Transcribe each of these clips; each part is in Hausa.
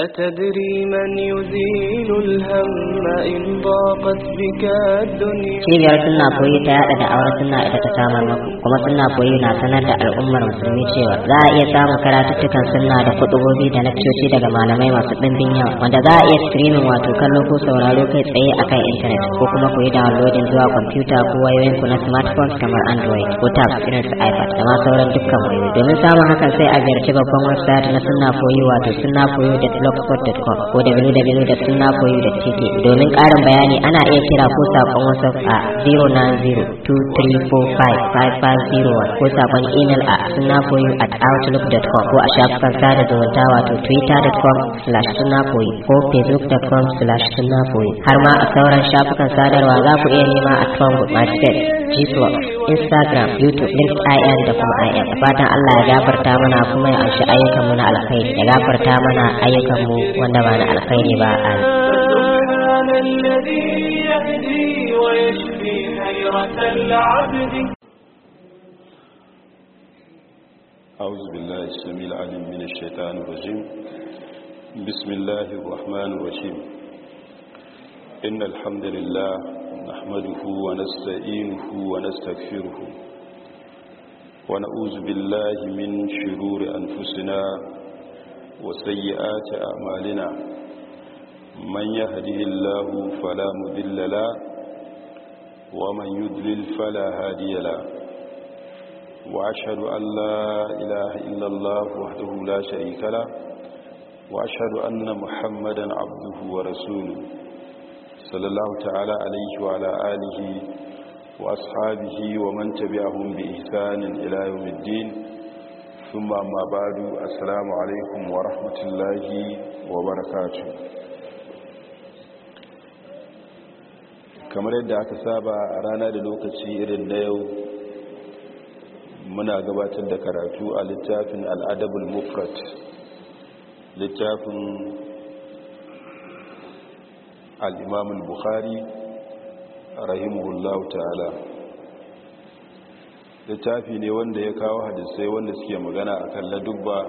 أتدري من cibiyar suna koyi ta yada da aure suna ita ta samar maku kuma suna koyi na sanar da al'ummar musulmi cewa za a iya samun karatuttukan suna da kudubobi da lakcoci daga malamai masu ɗimbin yawa wanda za a iya streaming wato kallo ko sauraro kai tsaye akan intanet ko kuma koyi downloading zuwa kwamfuta ko wayoyin ku na smartphones kamar android ko tab irin su ipad da ma sauran dukkan wayoyi domin samun hakan sai a ziyarci babban website na suna koyi wato suna koyi da blogspot.com ko www.sunnakoyu.tk domin ƙarin bayani ana iya kira ko saƙon WhatsApp a 09023455501 ko saƙon email a sunakoyu at outlook.com ko a shafukan sada zumunta wato twitter.com slash sunakoyu ko facebook.com slash sunakoyu har ma a sauran shafukan sadarwa za ku iya nema a Trumpet, market Gplus, Instagram, YouTube, LinkedIn da kuma IM. Fatan Allah ya gafarta mana kuma ya amshi ayyukanmu na alkhairi ya gafarta mana ayyukan mu wanda ba na alkhairi ba a أعوذ بالله السميع العليم من الشيطان الرجيم بسم الله الرحمن الرحيم إن الحمد لله نحمده ونستعينه ونستغفره ونعوذ بالله من شرور أنفسنا وسيئات أعمالنا من يهده الله فلا مذل لا ومن يدلل فلا هادي لا وأشهد أن لا إله إلا الله وحده لا شريك له وأشهد أن محمدا عبده ورسوله صلى الله تعالى عليه وعلى آله وأصحابه ومن تبعهم بإحسان إلى يوم الدين sun ba ma badu assalamu alaikum wa rahmatullahi wa barakatu kamar yadda aka saba a rana da lokaci irin na yau muna gabatar da karatu a littafin al'adabul mufrat littafin al'imamul bukhari rahimahullahu ta'ala littafi ne wanda ya kawo hadisai wanda suke magana a kan ladubba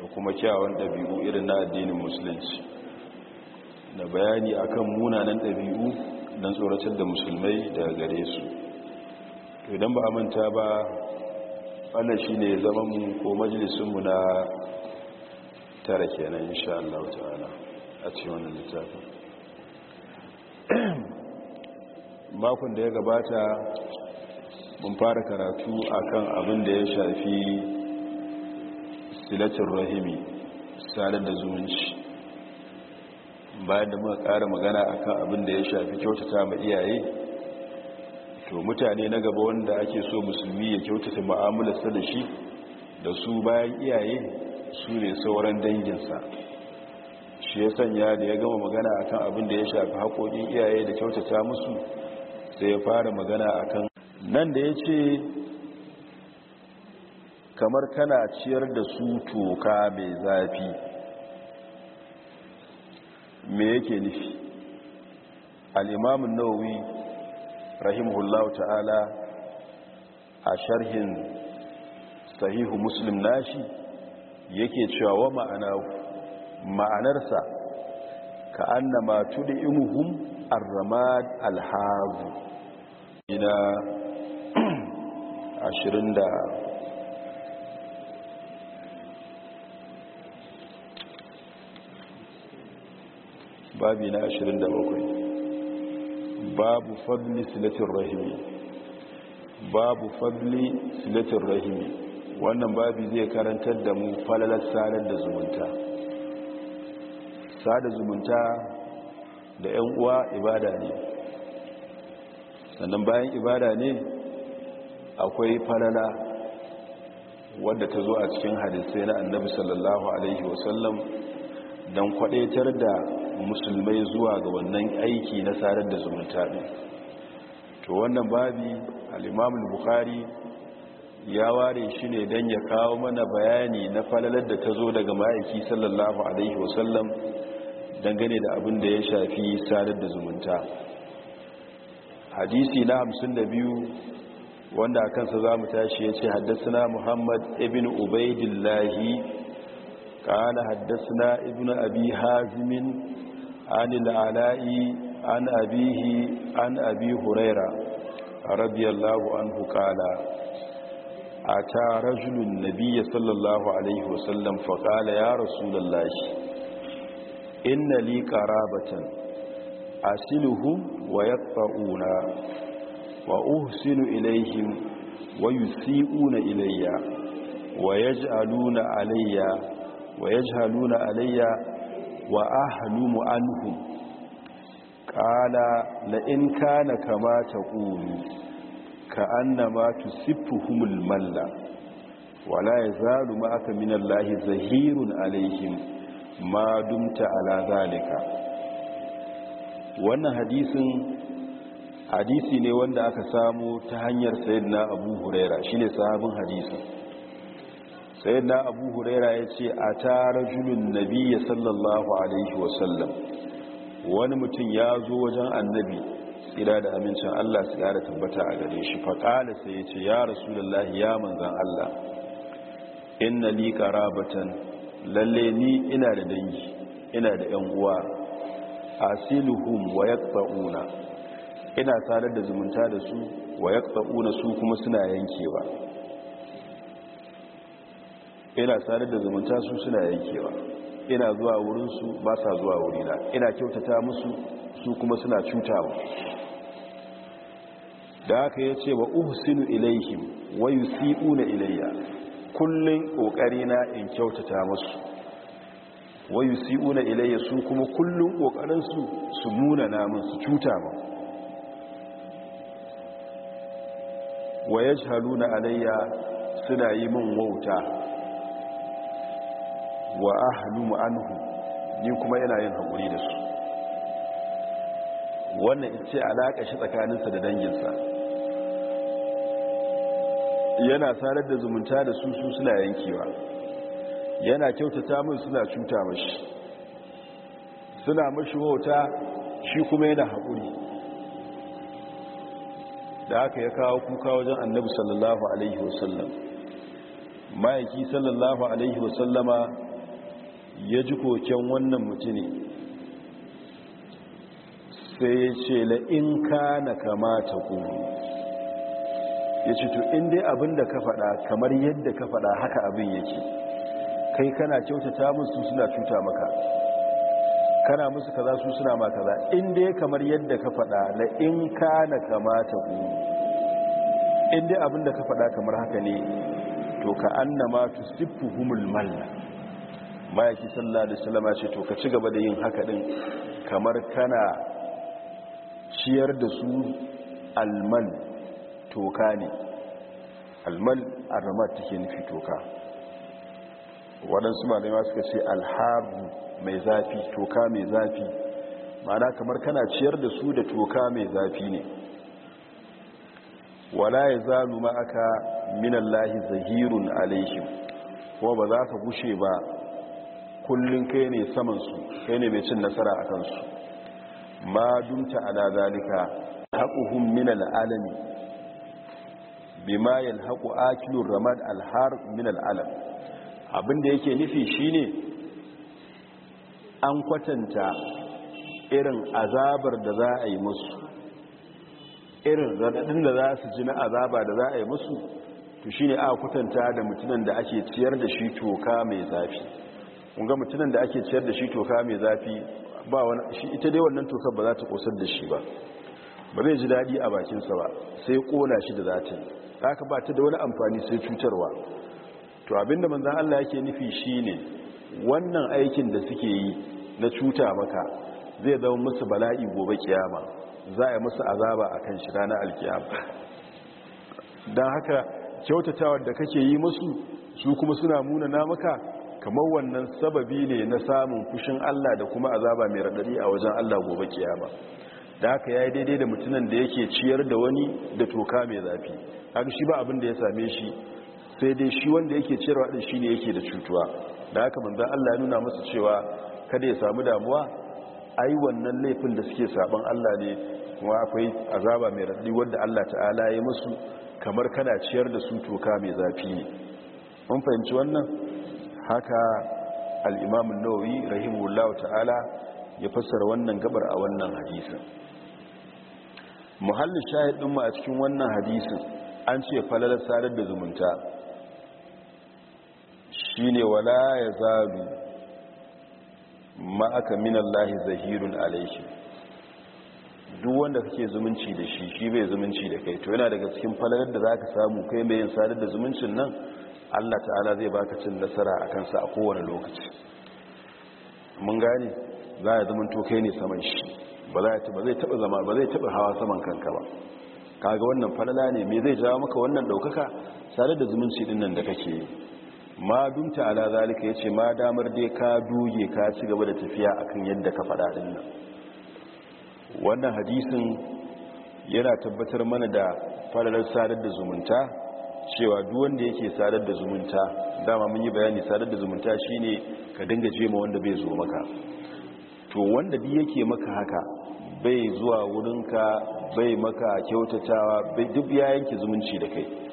da kuma kyawun ɗabi'u irin na addinin musulunci da bayani a kan munanan ɗabi'u don tsoratar da musulmai daga gare su idan ba a manta ba wannan shi ne mu ko majalisunmu na tara kenan insha Allah ta'ala a cikin wannan littafin makon da ya gabata mun fara karatu akan abin da ya shafi silatin rahimi sadar da zumunci bayan da muka kara magana akan abin da ya shafi kyautata ma iyaye to mutane na gaba wanda ake so musulmi ya kyautata ma'amalarsa da shi da su bayan iyaye su ne sauran danginsa shi ya sanya da ya gama magana akan abin da ya shafi haƙoƙin iyaye da kyautata musu sai ya fara magana akan nan da ya ce kamar kana ciyar da su toka mai zafi me yake nufi al'imamun nawawi rahimahullahu ta'ala a sharhin sahihu muslim nashi yake cewa wa ma'anarsa ka annama tudi imuhun arramad alhazu ina ashirin da babi na ashirin da bakwai babu fadli silatin rahimi babu fadli silatin rahimi wannan babi zai karantar da mu falalar sadar da zumunta sada zumunta da 'yan uwa ibada ne sannan bayan ibada ne akwai falala wadda ta zo a cikin hadisai na annabi sallallahu alaihi wasallam don kwadaitar da musulmai zuwa ga wannan aiki na sadar da zumunta ɗin to wannan babi al'imamul Bukhari ya ware shi ne don ya kawo mana bayani na falalar da ta zo daga ma'aiki sallallahu alaihi wasallam dangane da abin da ya shafi sadar da zumunta hadisi na hamsin da biyu. wanda a kansa za mu tashi ya ce haddasa muhammad ibn ubaidillahi ƙala haddasa ibn abi hazimin an al'ala'i an abihi an abi huraira radiyallahu anhu ƙala a ta rajulun nabiya sallallahu alaihi wasallam faƙala ya rasulallahi inna li ƙarabatan asiluhu wa yaƙa'una wa uhsinu ilaihim wa yusiuna ilayya wa yaj'aluna alayya wa yaj'aluna alayya wa ahlumu anhum qala la in kana kama taqulu ka annama tusiffuhumul malla wala yazalu ma'aka minallahi zahirun alaihim ma dumta ala zalika wannan hadisin hadisi ne wanda aka samu ta hanyar sayyidina abu huraira ne sahabin hadisi sayyidina abu huraira ya ce a tara julun nabiya sallallahu alaihi wasallam wani mutum ya zo wajen annabi tsira da amincin allah su da tabbata a gare shi faƙala sai ya ce ya rasulallah ya manzan allah inna li karabatan lalle ni ina da dangi ina da yan uwa asiluhum wa yaqta'una ina sadar da zumunta da su wa ya tsa'una su kuma suna yankewa ina sadar da zumunta su suna yankewa ina zuwa wurinsu ba sa zuwa wurina ina kyautata musu su kuma suna cutawa da haka ya ce wa uhsinu ilaihim wa yusi'una ilayya kullun na in kyautata musu wa yusi'una ilayya su kuma kullun kokarin su su munana su cuta min wa ya na alayya suna yi min wauta wa ahlumu anhu ni kuma yana yin haƙuri da su wannan ce alaƙa shi tsakaninsa da danginsa yana sanar da zumunta da su su suna yankewa yana kyautata min suna cuta mashi suna mashi wauta shi kuma yana haƙuri da haka ya kawo kuka wajen annabi sallallahu alaihi wasallam ma'aiki sallallahu alaihi wasallama ya ji koken wannan mutune sai ya ce la'in ka na kamata kuma ya ce to inda abin da ka faɗa kamar yadda ka faɗa haka abin yake kai kana kyautata musu suna cuta maka kana musu kaza su suna ma kaza inda ya kamar yadda ka faɗa la in kana kamata ku inda abin da ka faɗa kamar haka ne to ka annama tusiffuhumul malla mayaki sallallahu alaihi wasallam ce to ka ci gaba da yin haka din kamar kana ciyar da su almal toka ne almal arama take nufi toka waɗansu malama suka ce alhabu mai zafi toka mai zafi ma'ana kamar kana ciyar da su da toka mai zafi ne wala ya zalu aka minallahi zahirun alaihim kuma ba za ka gushe ba kullum kai ne samansu kai ne mai cin nasara a kansu ma dunta ala zalika haƙuhun minal alami bima yalhaqu akilun, ramad alhar minal alam abinda yake nufi shine an kwatanta irin azabar da za a yi musu irin raɗaɗin da za su ji na azaba da za a yi musu to shi ne aka kwatanta da mutunan da ake ciyar da shi toka mai zafi ƙunga mutunan da ake ciyar da shi toka mai zafi ba wani shi ita dai wannan tokar ba za ta ƙosar da shi ba ba zai ji daɗi a bakinsa ba sai ƙona shi da za ta yi haka ba ta da wani amfani sai cutarwa to abinda manzan allah yake nufi shi ne wannan aikin da suke yi na cuta maka zai zama musu bala'i gobe kiyama za a musu azaba a kan shi ranar alkiyama don haka kyautatawar da kake yi musu su kuma suna munana maka kamar wannan sababi ne na samun fushin Allah da kuma azaba mai raɗaɗi a wajen Allah gobe kiyama da haka ya yi daidai da mutunan da yake ciyar da wani da toka mai zafi har shi ba abin da ya same shi sai dai shi wanda yake ciyarwa ɗin shi ne yake da cutuwa da haka manzan Allah ya nuna masu cewa kada ya samu damuwa ai wannan laifin da suke saban Allah ne kuma akwai azaba mai raddi wanda Allah ta'ala ya musu kamar kana ciyar da su toka mai zafi ne mun fahimci wannan haka al-Imam an-Nawawi rahimahullahu ta'ala ya fassara wannan gabar a wannan hadisin muhallin shahidin mu a cikin wannan hadisin an ce falalar sadar da zumunta shi ne wala ya zalu ma'aka minallahi zahirun alaishi duk wanda kake zumunci da shi shi bai zumunci da kai to yana daga cikin falalar da za ka samu kai mai yin sadar da zumuncin nan allah ta'ala zai baka cin nasara a kansa a kowane lokaci mun gane za a zumunto kai ne saman shi ba zai taba zama ba zai taba hawa saman kanka ba kaga wannan falala ne me zai jawo maka wannan ɗaukaka? sadar da zumunci dinnan nan da kake yi ma dumta ala zalika ya ma damar dai ka doge ka ci gaba da tafiya akan yadda ka faɗa din nan wannan hadisin yana tabbatar mana da falalar sadar da zumunta cewa duk wanda yake sadar da zumunta dama mun yi bayani sadar da zumunta shine ka dinga ce ma wanda bai zo maka to wanda bi yake maka haka bai zuwa wurinka bai maka kyautatawa bai duk ya yanke zumunci da kai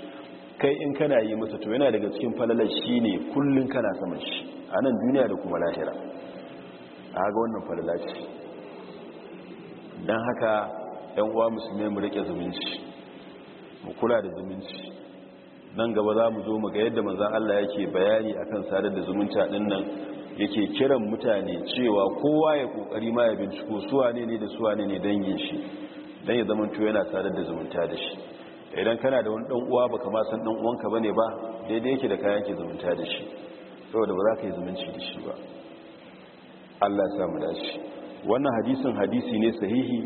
kai in kana yi masa to yana daga cikin falalar shi ne kullum kana saman shi a nan duniya da kuma lahira a ga wannan falala ce don haka yan uwa musulmi mu rike zumunci mu kula da zumunci nan gaba za mu zo mu ga yadda manzan Allah yake bayani a kan sadar da zumunta a nan yake kiran mutane cewa kowa ya kokari ma ya binciko suwa ne ne da suwa ne ne dangin shi dan ya zama yana sadar da zumunta da shi idan kana da wani uwa ba kama san ɗan'uwanka ba ne ba daidai yake da kayan ke zumunta da shi saboda ba za ka yi zumunci da shi ba allah samu dace wannan hadisin hadisi ne sahihi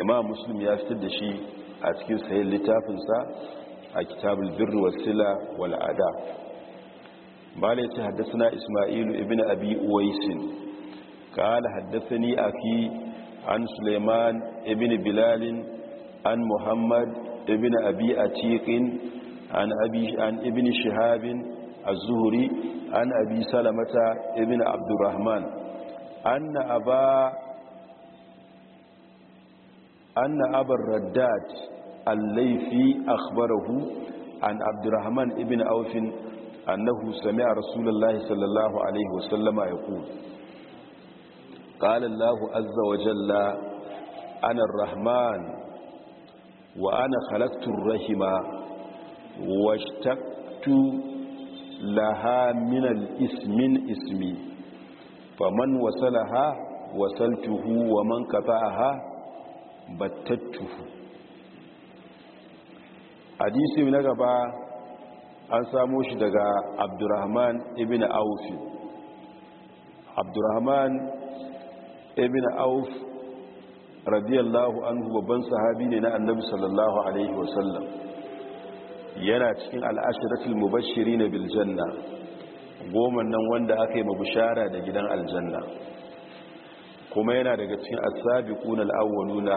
imam muslim ya fitar da shi a cikin sahihin littafinsa a kitabul birru wasila wal'ada bala ce haddasa na ismailu ibn abi uwaisin haddasa ni afi an sulaiman ابن bilalin an muhammad. ibn abi atiqin an abi an ibn shihab az-zuhri an abi salamata ibn abdurrahman anna aba anna abar raddad al-laythi akhbarahu an abdurrahman ibn auf annahu sami'a rasulullahi sallallahu alaihi wasallama yaqul qala allah azza wa jalla ana ar-rahman wa ana khalaqtur rahima washtaqtu laha min ismin ismi faman wasalaha wasaltuhu wa man qata'aha battattuhu hadisi na gaba an samo shi daga abdurrahman ibn auf abdurrahman ibn auf radiyallahu anhu babban sahabi ne na annabi sallallahu alaihi wasallam yana cikin al'ashiratul mubashiri na biljanna goma nan wanda aka yi mabushara da gidan aljanna kuma yana daga cikin asabi kunan awwalu na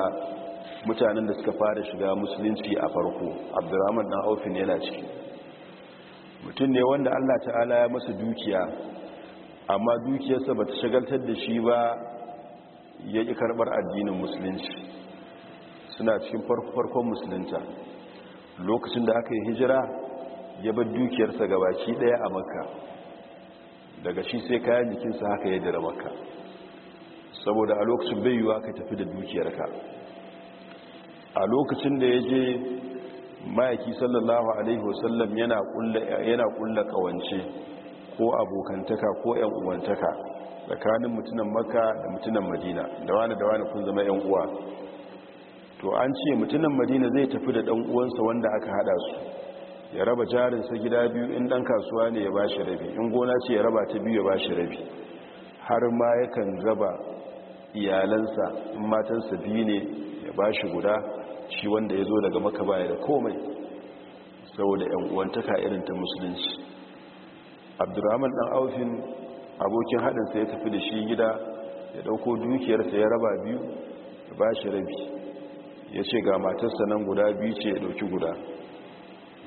mutanen da suka fara shiga musulunci a farko abdurrahman dan haufin yana ciki mutum ne wanda allah ta'ala ya masa dukiya amma dukiyarsa ba ta shagaltar da shi ba ya ƙi karɓar addinin musulunci suna cikin farkon musulunta lokacin da aka yi hijira ya bar dukiyarsa gabaki ɗaya a makka daga shi sai kayan jikinsa haka ya jira makka saboda a lokacin bai yiwuwa ka tafi da dukiyarka a lokacin da ya je ma'aiki sallallahu alaihi wasallam yana kulla ƙawance ko abokantaka ko yan uwantaka tsakanin mutunan maka da mutunan madina da wani da wani kun zama yan uwa to an ce mutunan madina zai tafi da dan uwansa wanda aka hada su ya raba jarinsa gida biyu in dan kasuwa ne ya bashi rabi in gona ce ya raba ta biyu ya bashi rabi har ma yakan raba iyalansa in matansa biyu ne ya bashi guda shi wanda ya zo daga maka baya da komai saboda yan uwantaka irin ta musulunci abdurrahman dan aufin abokin haɗinsa ya tafi da shi gida ya ɗauko dukiyarsa ya raba biyu ya ba shi rabi ya ce ga matarsa nan guda biyu ce ya ɗauki guda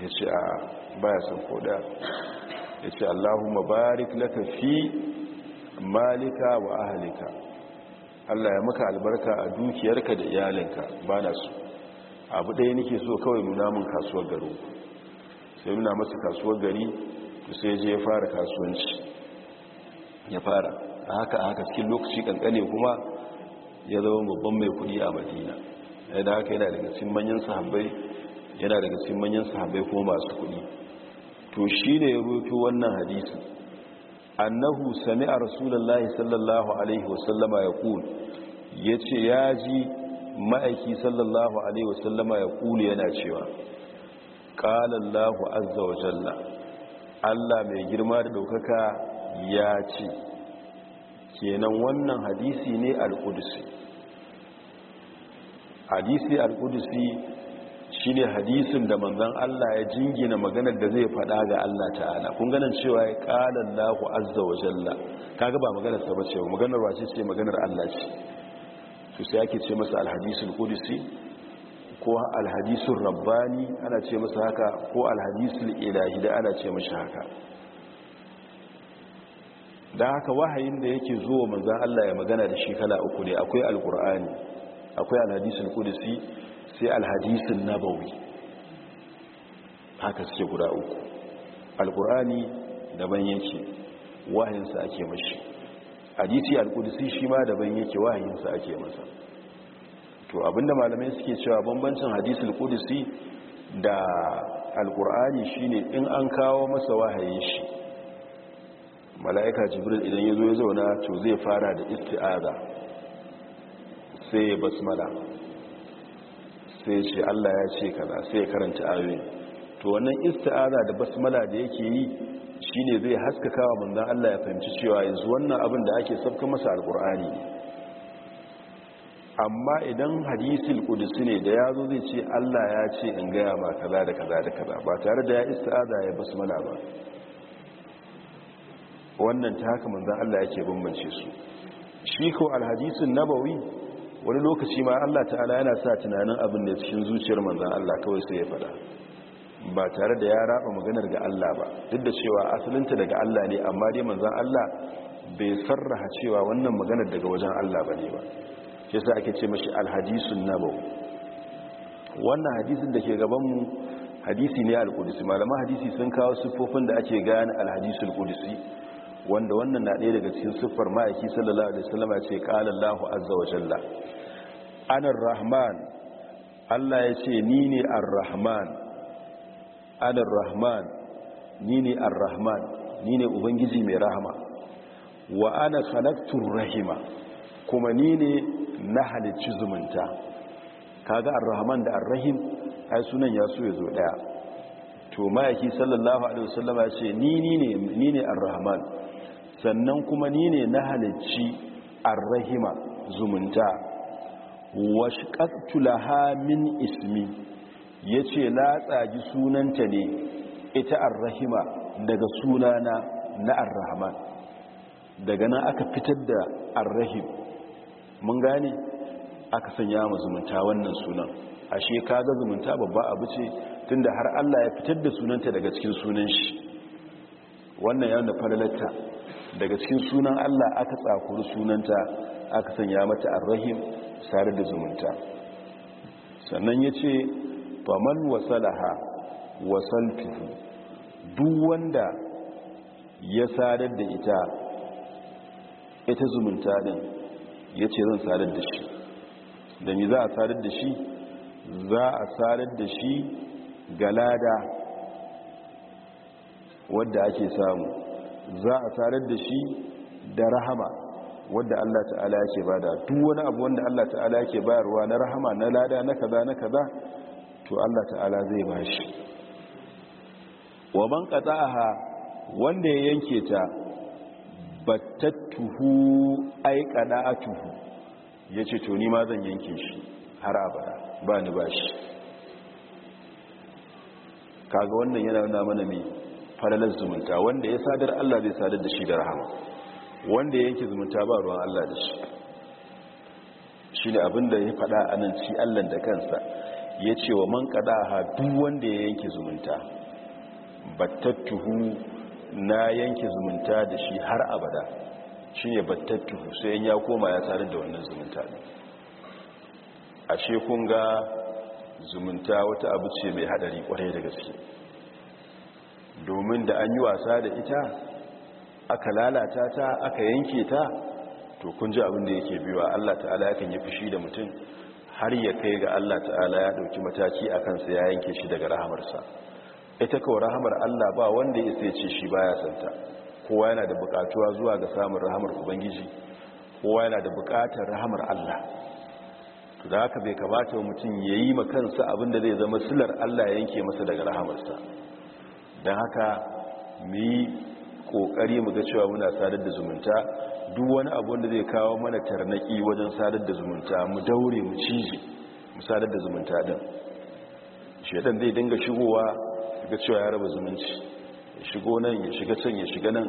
ya ce a baya son koda ya ce allahumma barik laka fi malika wa ahalika allah ya maka albarka a dukiyarka da iyalinka ba na su abu ɗaya nake so kawai nuna mun kasuwar garo sai nuna masa kasuwar gari sai je ya fara kasuwanci ya fara a haka a haka cikin lokaci kankane kuma ya zama babban mai kudi a madina ya eh, da haka yana daga cikin manyan sahabbai yana daga cikin manyan sahabbai ko masu kudi to shi ne ya roto wannan hadisi annahu sami'a rasulallahi sallallahu alaihi wasallama ya kul ya ce ya ji ma'aiki sallallahu alaihi wasallama ya kul yana cewa ƙalallahu azza wa jalla Allah mai girma da ɗaukaka ya ce kenan wannan hadisi ne al-kudusi hadisi al-kudusi shi hadisin da manzan Allah ya jingina maganar da zai faɗa ga Allah ta'ala kun ganin cewa ya ƙalar lahu azza wa jalla ka gaba maganar sa bace wa maganar wace ce maganar Allah ce su sai ake ce masa al'hadisin kudusi ko al'hadisin rabbani ana ce masa haka ko al'hadisin ilahi da ana ce masa haka don haka wahayin da yake zuwa manzan Allah ya magana da shi kala uku ne akwai alkur'ani akwai alhadisun kudusi sai alhadisun nabawi haka suke guda uku alkur'ani daban yake wahayinsa ake mashi hadisi alkudisi shi ma daban yake wahayinsa ake masa to abinda malamai suke cewa bambancin hadisul kudusi da alkur'ani ne in an kawo masa wahayin shi mala'ika jibril idan ya zo ya zauna to zai fara da isti'aza sai basmala sai ce allah ya ce kaza sai karanta ayoyin to wannan isti'aza da basmala da yake yi shine zai haskaka wa manzon allah ya fahimci cewa yanzu wannan abin da ake sabka masa alkur'ani amma idan hadisin kudusi ne da ya zo zai ce allah ya ce in gaya ma kaza da kaza da kaza ba tare da ya isti'aza ya basmala ba wannan ta haka manzan Allah yake bambance su shi ko alhadisun nabawi wani lokaci ma Allah ta'ala yana sa tunanin abin da cikin zuciyar manzan Allah kawai sai ya fada ba tare da ya raba maganar ga Allah ba duk da cewa asalinta daga Allah ne amma dai manzan Allah bai sarraha cewa wannan maganar daga wajen Allah ba ne ba shi sa ake ce mashi alhadisun nabawi wannan hadisin da ke gabanmu hadisi ne al-qudsi malaman hadisi sun kawo sifofin da ake gane al-hadisul wanda wannan na ɗaya daga cikin siffar ma'aiki sallallahu alaihi wasallam ya ce qala Allahu azza wa jalla ana rahman Allah ya ce ni ne ar-rahman ana rahman ni ne ar-rahman ni ne ubangiji mai rahama wa ana khalaqtur rahima kuma ni ne na halicci zumunta kaga ar-rahman da ar-rahim ai sunan ya so ya zo daya to ma'aiki sallallahu alaihi wasallam ya ce ni ne ni ne ar-rahman sannan kuma ni ne na halicci arrahima zumunta washqattu ismi min ismi latsa latsaji sunanta ne ita arrahima daga sunana na arrahman daga nan aka fitar da arrahim mun gane aka sanya ma zumunta wannan sunan ashe kaga zumunta babba abu ce tunda har Allah ya fitar da sunanta daga cikin sunan shi wannan da fara falalarta daga cikin sunan Allah aka tsakuri sunanta aka sanya mata arrahim sare da zumunta sannan ya ce faman wasalaha wasaltuhu duk wanda ya sadar da ita ita zumunta din ya ce zan sadar da shi da me za a sadar da shi za a sadar da shi galada wadda ake samu za a tarar da shi da rahama wanda Allah ta'ala yake bada duk wani abu wanda Allah ta'ala yake bayarwa na rahama na lada na kaza na kaza to Allah ta'ala zai ba shi. wa man qata'aha wanda ya yanke ta battattuhu ay qada'atuhu yace to ni ma zan yanke shi har abada ba ni bashi kaga wannan yana nuna mana me falalar zumunta wanda ya sadar Allah zai sadar da shi da rahama wanda yanke zumunta ba ruwan Allah da shi shi ne abinda ya faɗa a nan ci Allah da kansa ya ce wa man kada ha duk wanda ya yanke zumunta battattuhu na yanke zumunta da shi har abada shi ne battattuhu sai ya koma ya sadar da wannan zumunta ashe kun ga zumunta wata abu ce mai hadari kwarai da gaske domin da an yi wasa da ita aka lalata ta aka yanke ta to kun ji abin da yake biyuwa Allah ta'ala yakan yi fushi da mutum har ya kai ga Allah ta'ala ya ɗauki mataki a kansa ya yanke shi daga rahamarsa ita kawai rahamar Allah ba wanda ya sai ce shi baya santa kowa yana da bukatuwa zuwa ga samun rahamar ubangiji kowa yana da bukatar rahamar Allah to da haka bai kamata mutum yayi yi ma kansa abin da zai zama silar Allah ya yanke masa daga rahamarsa don haka mu yi ƙoƙari mu ga cewa muna sadar da zumunta duk wani abu da zai kawo mana tarnaki wajen sadar da zumunta mu daure mu cije mu sadar da zumunta din shaitan zai dinga shigowa ga cewa ya raba zumunci ya shigo nan ya shiga can ya shiga nan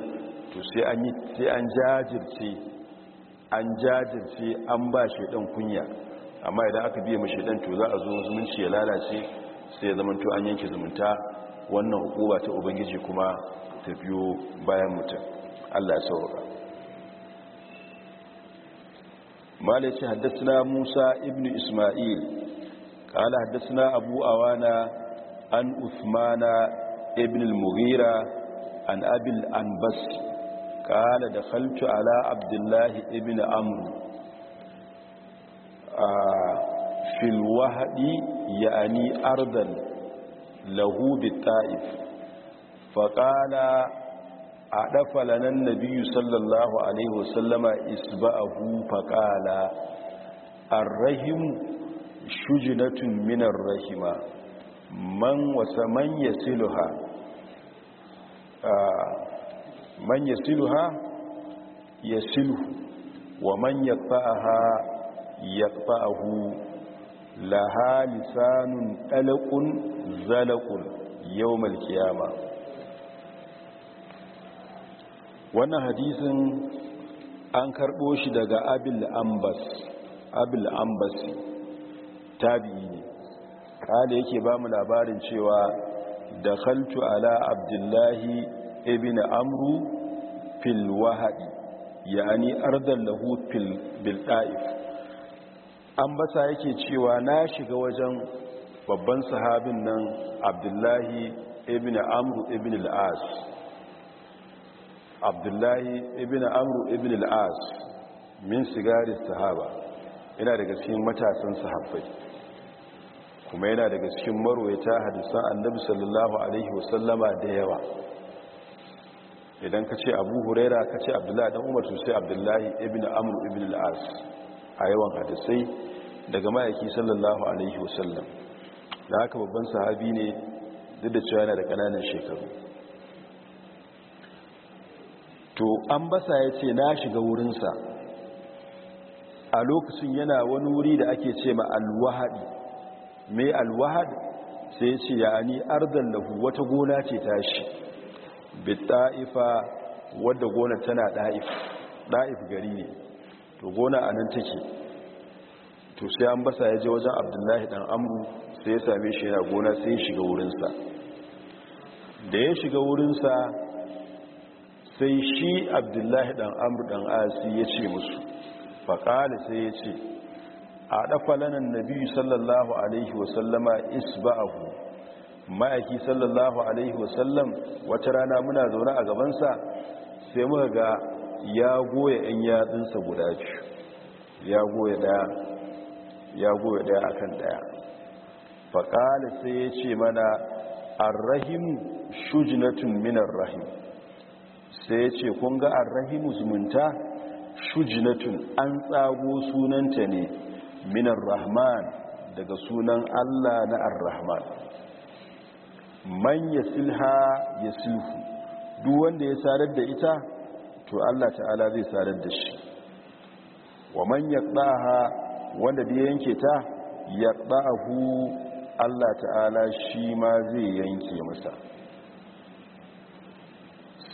to sai an yi jajirce an jajirce an ba shaitan kunya amma idan aka biya mu shaitan to za a zo zumunci ya lalace sai ya zama to an yanke zumunta wannan hukuma ta ubangiji kuma ta biyo bayan mutum allah saura. malice haddasa musa ibn ismail kala haddasa abu awana an usmana ibn al-mughira an abil an basi kala da khaltu ala abdullahi ibn amru a ah, filwahadi ya ardan lahu bitta'if faƙala a ɗafala nan na sallallahu alaihi wasallama isba'ahu faƙala arrahim shujinatun minar rahima man wasa man yasiluha man yasiluha yasiluhu wa man yaqta'aha yaqta'ahu laha lisanun ɗalaƙun zalaƙun yau malkiyama wannan hadisin an karɓo shi daga abil ambas ambasi tabi'i ne ƙada yake ba mu labarin cewa da khaltu ala abdullahi ibn amru fil wahadi yani ardan lahu fil bil da'if an basa yake cewa na shiga wajen babban sahabin nan abdullahi ibn amru ibn al'as abdullahi ibn amru ibn al'as min sigari sahaba yana daga cikin matasan sahabbai kuma yana daga cikin marwaita hadisan annabi sallallahu alaihi wasallama da yawa idan ka ce abu huraira ka ce abdullahi dan umar sosai abdullahi ibn amru ibn al'as a yawan hadisai daga ma'aiki sallallahu alaihi wasallam da haka babban sahabi ne duk da cewa yana da ƙananan shekaru to an basa ya ce na shiga wurinsa a lokacin yana wani wuri da ake ce ma alwahadi mai alwahad sai ce ya ani ardan lahu wata gona ce tashi bitta'ifa wadda gona tana da'if da'if gari ne to gona a nan take to sai an basa ya je wajen abdullahi dan amru sai ya same shi yana gona sai ya shiga wurinsa da ya shiga wurinsa sai shi abdullahi dan amru dan asi ya ce musu faƙali sai ya ce a ɗafa lanar nabi sallallahu alaihi wasallama isba'ahu ma'aiki sallallahu alaihi wasallam wata rana muna zaune a gabansa sai muka ga ya goya 'yan yatsunsa guda biyu ya goya ɗaya ya goya daya akan daya faƙali sai ya ce mana arrahimu shujinatun minar rahim sai ya ce kun ga arrahimu zumunta shujinatun an tsago sunanta ne minar rahman daga sunan allah na arrahman man ya silha ya silhu duk wanda ya sadar da ita to allah ta'ala zai sadar da shi wa man ya wanda da yanke ta ya ɗa'ahu Allah ta'ala shi ma zai yanke masa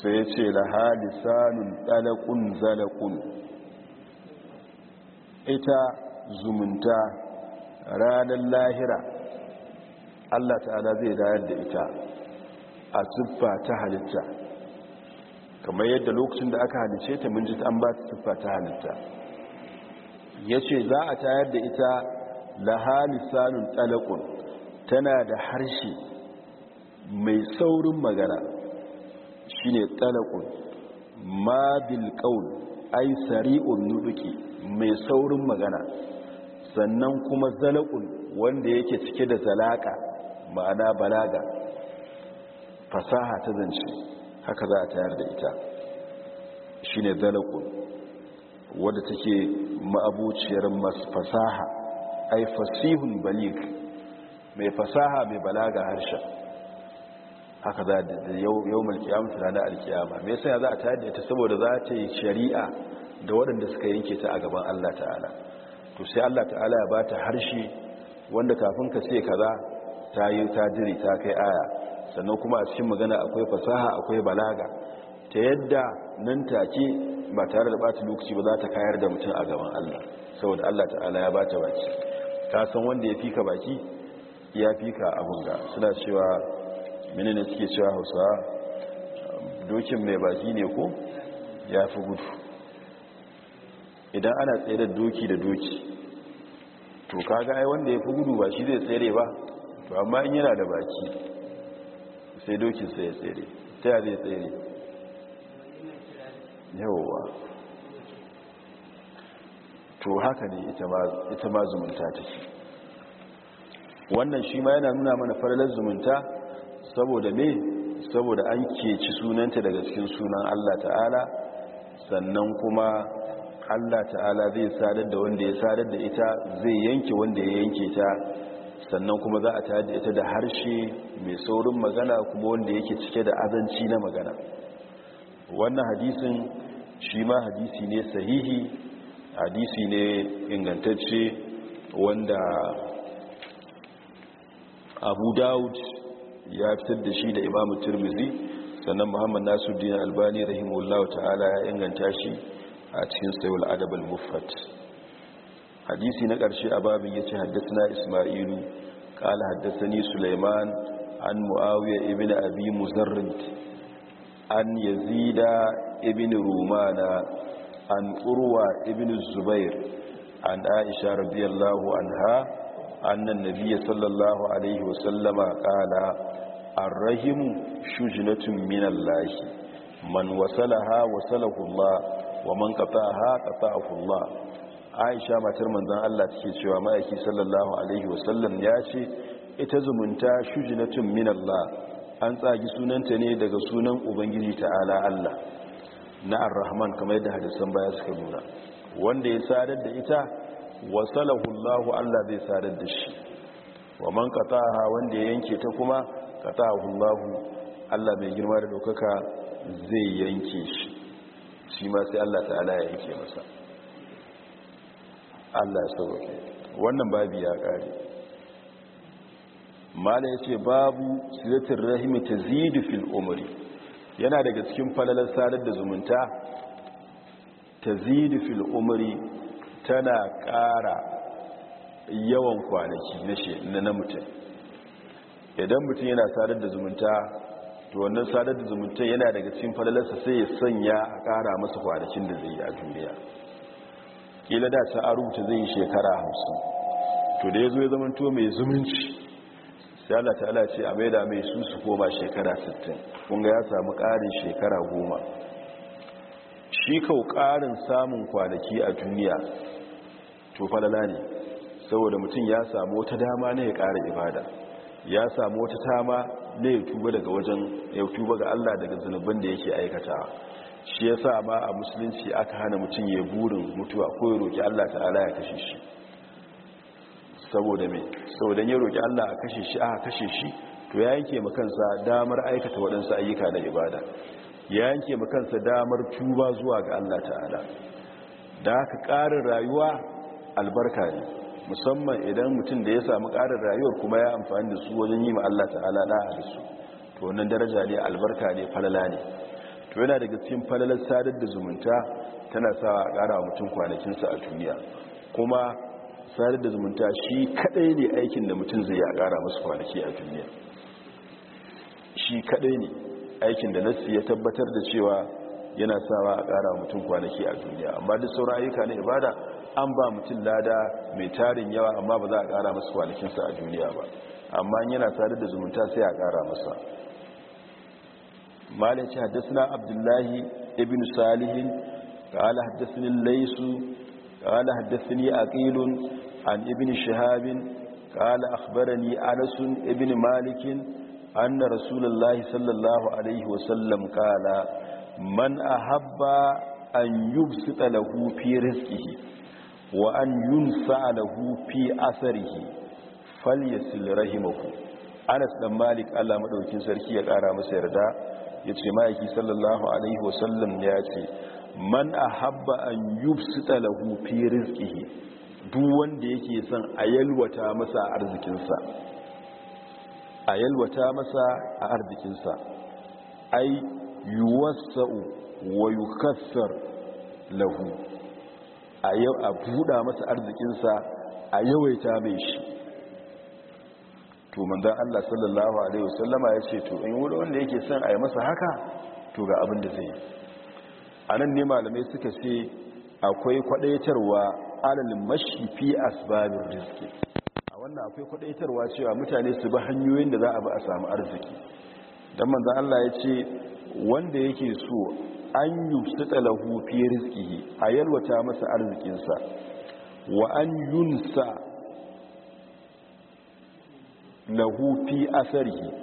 sai ce da halisanun ɗalakun zalakun ita zumunta ranar lahira Allah ta'ala zai dayar da ita a tuffa ta halitta kamar yadda lokacin da aka halice ta mun an ba ta tuffa ta halitta ya ce za a tayar da ita lahalisanun talakun tana da harshe mai saurin magana shi ne talakun ma bilkaun ai sari'un nuduki mai saurin magana sannan kuma zalakun wanda yake cike da zalaka ma'ana balaga fasaha ta zance haka za a tayar da ita shi ne zalakun wadda take ma'abuciyar fasaha ai fasihun balik mai fasaha mai balaga harsha haka za da yau malkiyama tunanin alkiyama mai sai za a ta da ita saboda za ta yi shari'a da waɗanda suka yanke ta a gaban allah ta'ala to sai allah ta'ala ya ba ta harshe wanda kafin ka ce kaza ta yi ta jiri ta kai aya sannan kuma a cikin magana akwai fasaha akwai balaga ta yadda nan take ba tare da bata lokaci ba za ta kayar da mutum a gaban Allah saboda Allah ta'ala ya bata baki ka san wanda ya fika baki ya fika abun ga suna cewa menene suke cewa Hausa dokin mai baki ne ko ya fi gudu idan ana tsaye da doki da doki to kaga ai wanda ya fi gudu ba shi zai tsere ba to amma in yana da baki sai dokin sai ya tsere ta ya zai tsere yauwa to haka ne ita ma zumunta take wannan shi ma yana nuna mana faralar zumunta saboda me saboda an keci sunanta daga cikin sunan allah ta'ala sannan kuma allah ta'ala zai sadar da wanda ya sadar da ita zai yanke wanda ya yanke ta sannan kuma za a tayar da ita da harshe mai saurin magana kuma wanda yake cike da azanci na magana wannan hadisin shi ma hadisi ne sahihi hadisi ne ingantacce wanda abu dawud ya fitar da shi da imamu turmizi sannan muhammad nasuddin albani rahimullahu ta'ala ya inganta shi a cikin sayul adab muffat hadisi na ƙarshe a babin yace Haddasa isma'ilu haddasa ni sulaiman an muawiya ibn abi muzarrid an yazida ibn rumana an urwa ibn zubair an aisha radiyallahu anha annan nabiyya sallallahu alaihi wasallama qala arrahimu shujnatun minallahi man wasalaha wasalahu Allah wa man qata'aha qata'ahu Allah aisha matar manzon Allah take cewa ma'aiki sallallahu alaihi wasallam ya ce ita zumunta shujnatun Allah, an tsagi sunanta ne daga sunan ubangiji ta'ala Allah na ar-rahman kamar yadda hadisan baya suka nuna wanda ya sadar da ita wasalahu hullahu Allah zai sadar da shi wa man qataha wanda ya yanke ta kuma qatahu Allahu Allah mai girma da dokaka zai yanke shi shi ma sai Allah ta'ala ya yanke masa Allah ya sauke wannan babu ya kare mala yace babu siratul rahimi tazidu fil umri yana daga cikin falalar sadar da zumunta ta zidi fil umri tana ƙara yawan kwanaki na mutum idan mutum yana sadar da zumunta to wannan sadar da zumunta yana daga cikin falalarsa sai ya sanya a ƙara masa kwanakin da zai yi a duniya kila da ta arubuta zai yi shekara hamsin to da ya zo ya zamanto mai zumunci sai Allah ta'ala ce a da mai su su koma shekara 60 kunga ya samu ƙarin shekara goma shi kau ƙarin samun kwanaki a duniya to falala ne saboda mutum ya samu wata dama na ya ƙara ibada ya samu wata tama ne ya tuba daga wajen ya tuba ga Allah daga zunubin da yake aikatawa shi ya sa ma a musulunci aka hana mutum ya burin mutuwa ko ya roƙi Allah ta'ala ya kashe shi saboda mai saboda ya roƙi Allah a kashe shi aka kashe shi to ya yanke makansa damar aikata waɗansu ayyuka na ibada ya yanke makansa damar tuba zuwa ga Allah ta'ala da haka ƙarin rayuwa albarka ne musamman idan mutum da ya samu ƙarin rayuwar kuma ya amfani da su wajen yi ma Allah ta'ala da'a da su to wannan daraja ne albarka ne falala ne to yana daga cikin falalar sadar da zumunta tana sawa a ƙara mutum kwanakinsa a duniya kuma sadar da zumunta shi kadai ne aikin da mutum zai ya kara masu kwanaki a duniya shi kadai ne aikin da nassi ya tabbatar da cewa yana sawa a kara mutum kwanaki a duniya amma duk sauran ayyuka na ibada an ba mutum lada mai tarin yawa amma ba za a kara masu kwanakinsa a duniya ba amma yana sadar da zumunta sai a kara masa malin ce haddasa na abdullahi ibn salihin haddasa حدثني Laisu. قال حدثني عقيل عن ابن شهاب قال أخبرني أنس ابن مالك أن رسول الله صلى الله عليه وسلم قال من أحب أن يبسط له في رزقه وأن ينسع له في أثره فليسل رحمه أنس بن مالك الله مدوكين سركي يقارى مسيردا yace ma'aiki sallallahu alaihi wasallam ya ce man a habba an yubsita lahu fi rizqihi duk wanda yake son a yalwata masa a arzikinsa a yalwata masa a arzikinsa ai yuwassa'u wa kassar lahu a yau a buɗa masa arzikinsa a yawaita mai shi to manzan Allah sallallahu alaihi wasallama ce, to in wanda yake son a yi masa haka to ga abin da zai yi a nan ne malamai suka ce akwai kwadaitarwa alalin mashi fi asbabin rizki a wannan akwai kwadaitarwa cewa mutane su bi hanyoyin da za a bi a samu arziki don manza Allah ya ce wanda yake so an yi su talahu fi rizki a yalwata masa arzikinsa wa an yunsa lahu fi asari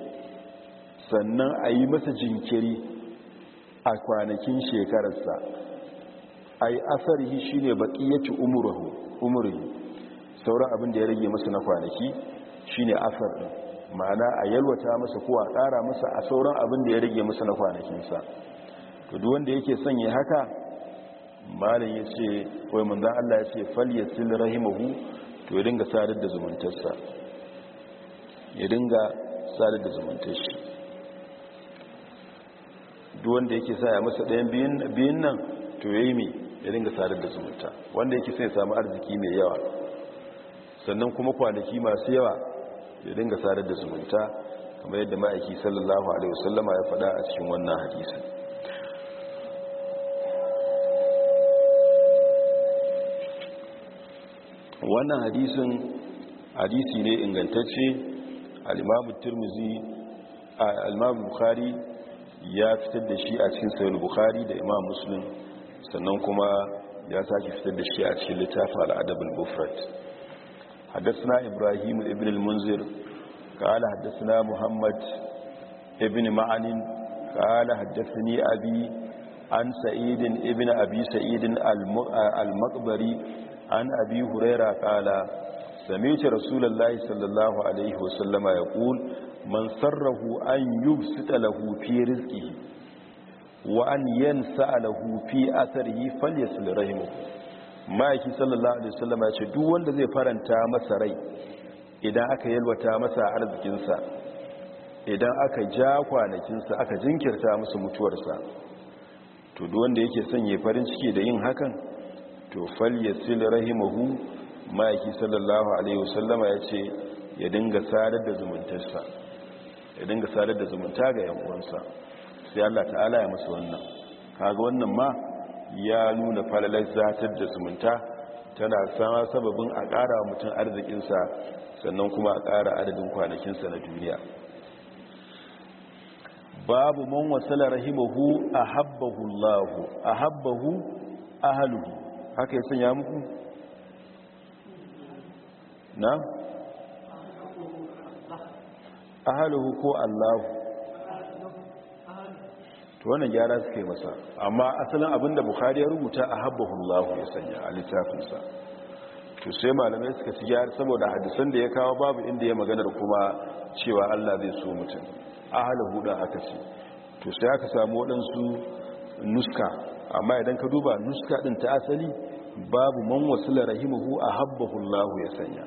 sannan a yi masa jinkiri a kwanakin shekararsa ai asarihi baƙi ya ci umrihi sauran abin da ya rage masa na kwanaki ne asar ma'ana a yalwata masa ko a ƙara masa a sauran abin da ya rage masa na kwanakinsa to duk wanda yake sanya haka malam yace wai manzon Allah yace falyasil rahimahu to ya dinga sadar da zumuntarsa ya dinga sadar da zumuntar duk wanda yake sa ya masa ɗayan biyun nan to ya yi mai ya dinga sadar da zumunta wanda yake sai samu arziki mai yawa sannan kuma kwanaki masu yawa ya dinga sadar da zumunta kamar yadda ma'aiki sallallahu alaihi wasallama ya faɗa a cikin wannan hadisi wannan hadisin hadisi ne ingantacce al-imamu tirmizi al ya fitar da shi a cikin sayar bukhari da imam muslim sannan kuma ya sake fitar da shi a cikin littafin al'adabin bufrat haddasa ibrahim ibn al-munzir قال Muhammad Ibn Ma'anin, kala haddasa ni أبي عن سعيد ابن أبي سعيد المقبري عن أبي هريرة قال سمعت رسول الله صلى الله عليه وسلم يقول man sarrahu an yubsita lahu fi rizqihi wa an yansa lahu fi atharihi falyasil rahimu ma'aiki sallallahu alaihi wasallam ya ce duk wanda zai faranta masa rai idan aka yalwata masa arzikinsa idan aka ja kwanakinsa aka jinkirta musu mutuwarsa to duk wanda yake son ya farin ciki da yin hakan to falyasil rahimahu ma'aiki sallallahu alaihi wasallama ya ce ya dinga sadar da zumuntarsa ya dinga sadar da zumunta ga yan uwansa sai Allah ta'ala ya masu wannan kaga wannan ma ya nuna falalar zatar da zumunta tana sama sababin a ƙara wa mutum arzikinsa sannan kuma a ƙara adadin kwanakinsa na duniya babu man wasala rahimahu a habbahu lahu a habbahu ahaluhu haka ya sanya muku na? ahaluhu ko allahu to wannan gyara ke masa amma asalin abinda bukhari ya rubuta a ahabbahullahu ya sanya a littafinsa to sai malamai suka ci gyara saboda hadisan da ya kawo babu inda ya maganar kuma cewa allah zai so mutum ahaluhu da aka ce to sai aka samu waɗansu nuska amma idan ka duba nuska ɗin ta asali babu man wasu a habbahullahu ya sanya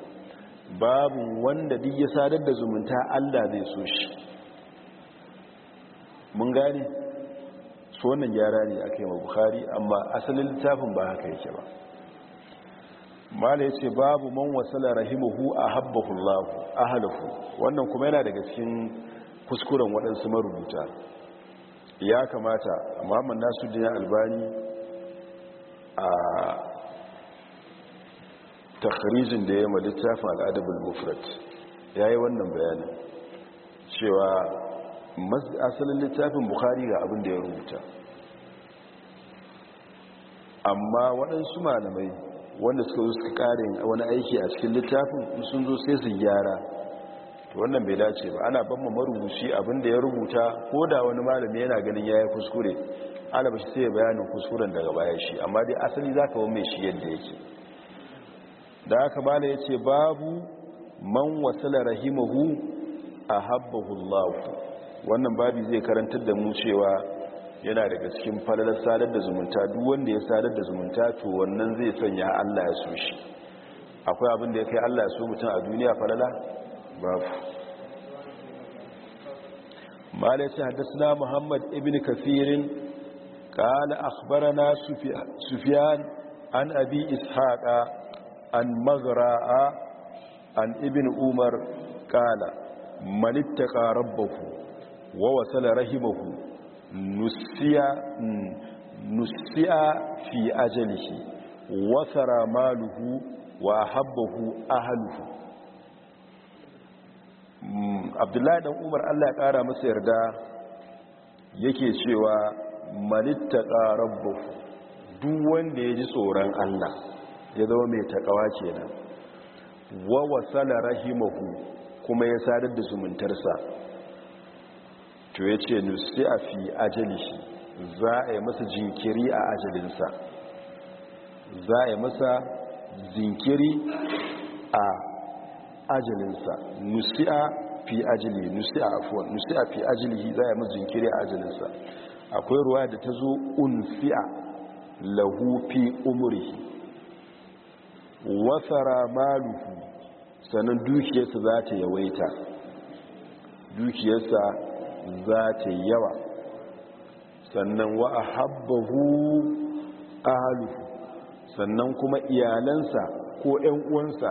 babu wanda duk ya sadar da zumunta Allah zai so shi mun gane su wannan gyara ne aka yi wa Bukhari amma asalin littafin ba haka yake ba mala yace babu man wasala rahimuhu ahabbahu Allah ahlahu wannan kuma yana daga cikin kuskuren waɗansu marubuta ya kamata nasu dinya Albani a takharijin da ya ma littafin al'adabul mufrat ya yi wannan bayanin cewa asalin littafin bukhari ga abin da ya rubuta amma waɗansu malamai wanda suka zo suka ƙarin wani aiki a cikin littafin sun zo sai su gyara wannan bai dace ba ana ban marubuci abin da ya rubuta ko da wani malami yana ganin ya yi kuskure ana ba shi sai bayanin kuskuren daga baya shi amma dai asali za ka mai shi yadda yake da aka bala ya ce babu man wasala rahimahu a habbahullahu wannan babi zai karantar da mu cewa yana daga cikin falalar sadar da zumunta duk wanda ya sadar da zumunta to wannan zai sanya allah ya so shi akwai abin da ya kai allah ya so mutum a duniya falala babu ما haddasa muhammad ibn kafirin كثير قال أخبرنا sufiyan an abi إسحاق an magra'a an ibn umar kala manittaka rabbahu wa wasala rahimahu nusiya nusiya fi ajalihi wasara maluhu wa habbahu ahluhu abdullahi dan umar Allah ya kara masa yarda yake cewa manittaka rabbahu duk wanda ya ji tsoron Allah ya zama mai takawa kenan wa wasala rahimahu kuma ya sadar da zumuntarsa to ya ce nusi a fi ajalishi za a yi masa jinkiri a ajalinsa za a yi masa jinkiri a ajalinsa nusi a fi ajili nusi a afuwan nusi a fi ajilihi za a yi masa jinkiri a ajalinsa akwai ruwa da ta zo unfi'a a fi umurihi wasara maluhu sannan dukiyarsa za ta yawaita dukiyarsa za ta yawa sannan wa a habbahu ahaluhu sannan kuma iyalansa ko 'yan uwansa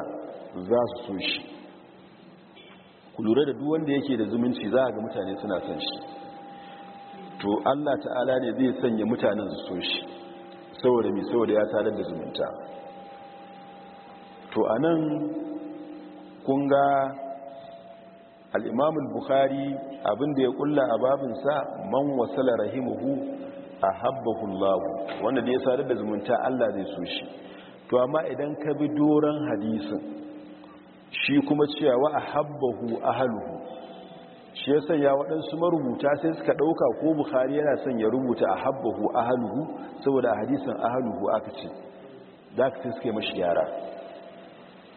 za su so shi ku lura da duwanda yake da zumunci za a ga mutane suna son shi to allah ta'ala ne zai sanya mutanen su so shi saboda mai saboda ya tarar da zumunta to a nan kunga al'imamul bukhari abinda ya kulla a babinsa man wasala rahimuhu a habbahullahu wanda da ya sadar da zumunta allah zai so shi to amma idan ka bi doron hadisin shi kuma cewa a habbahu haluhu, shi ya sanya waɗansu marubuta sai suka ɗauka ko bukhari yana son ya rubuta a habbahu haluhu saboda a haluhu aka ce za ka sai suka mashi gyara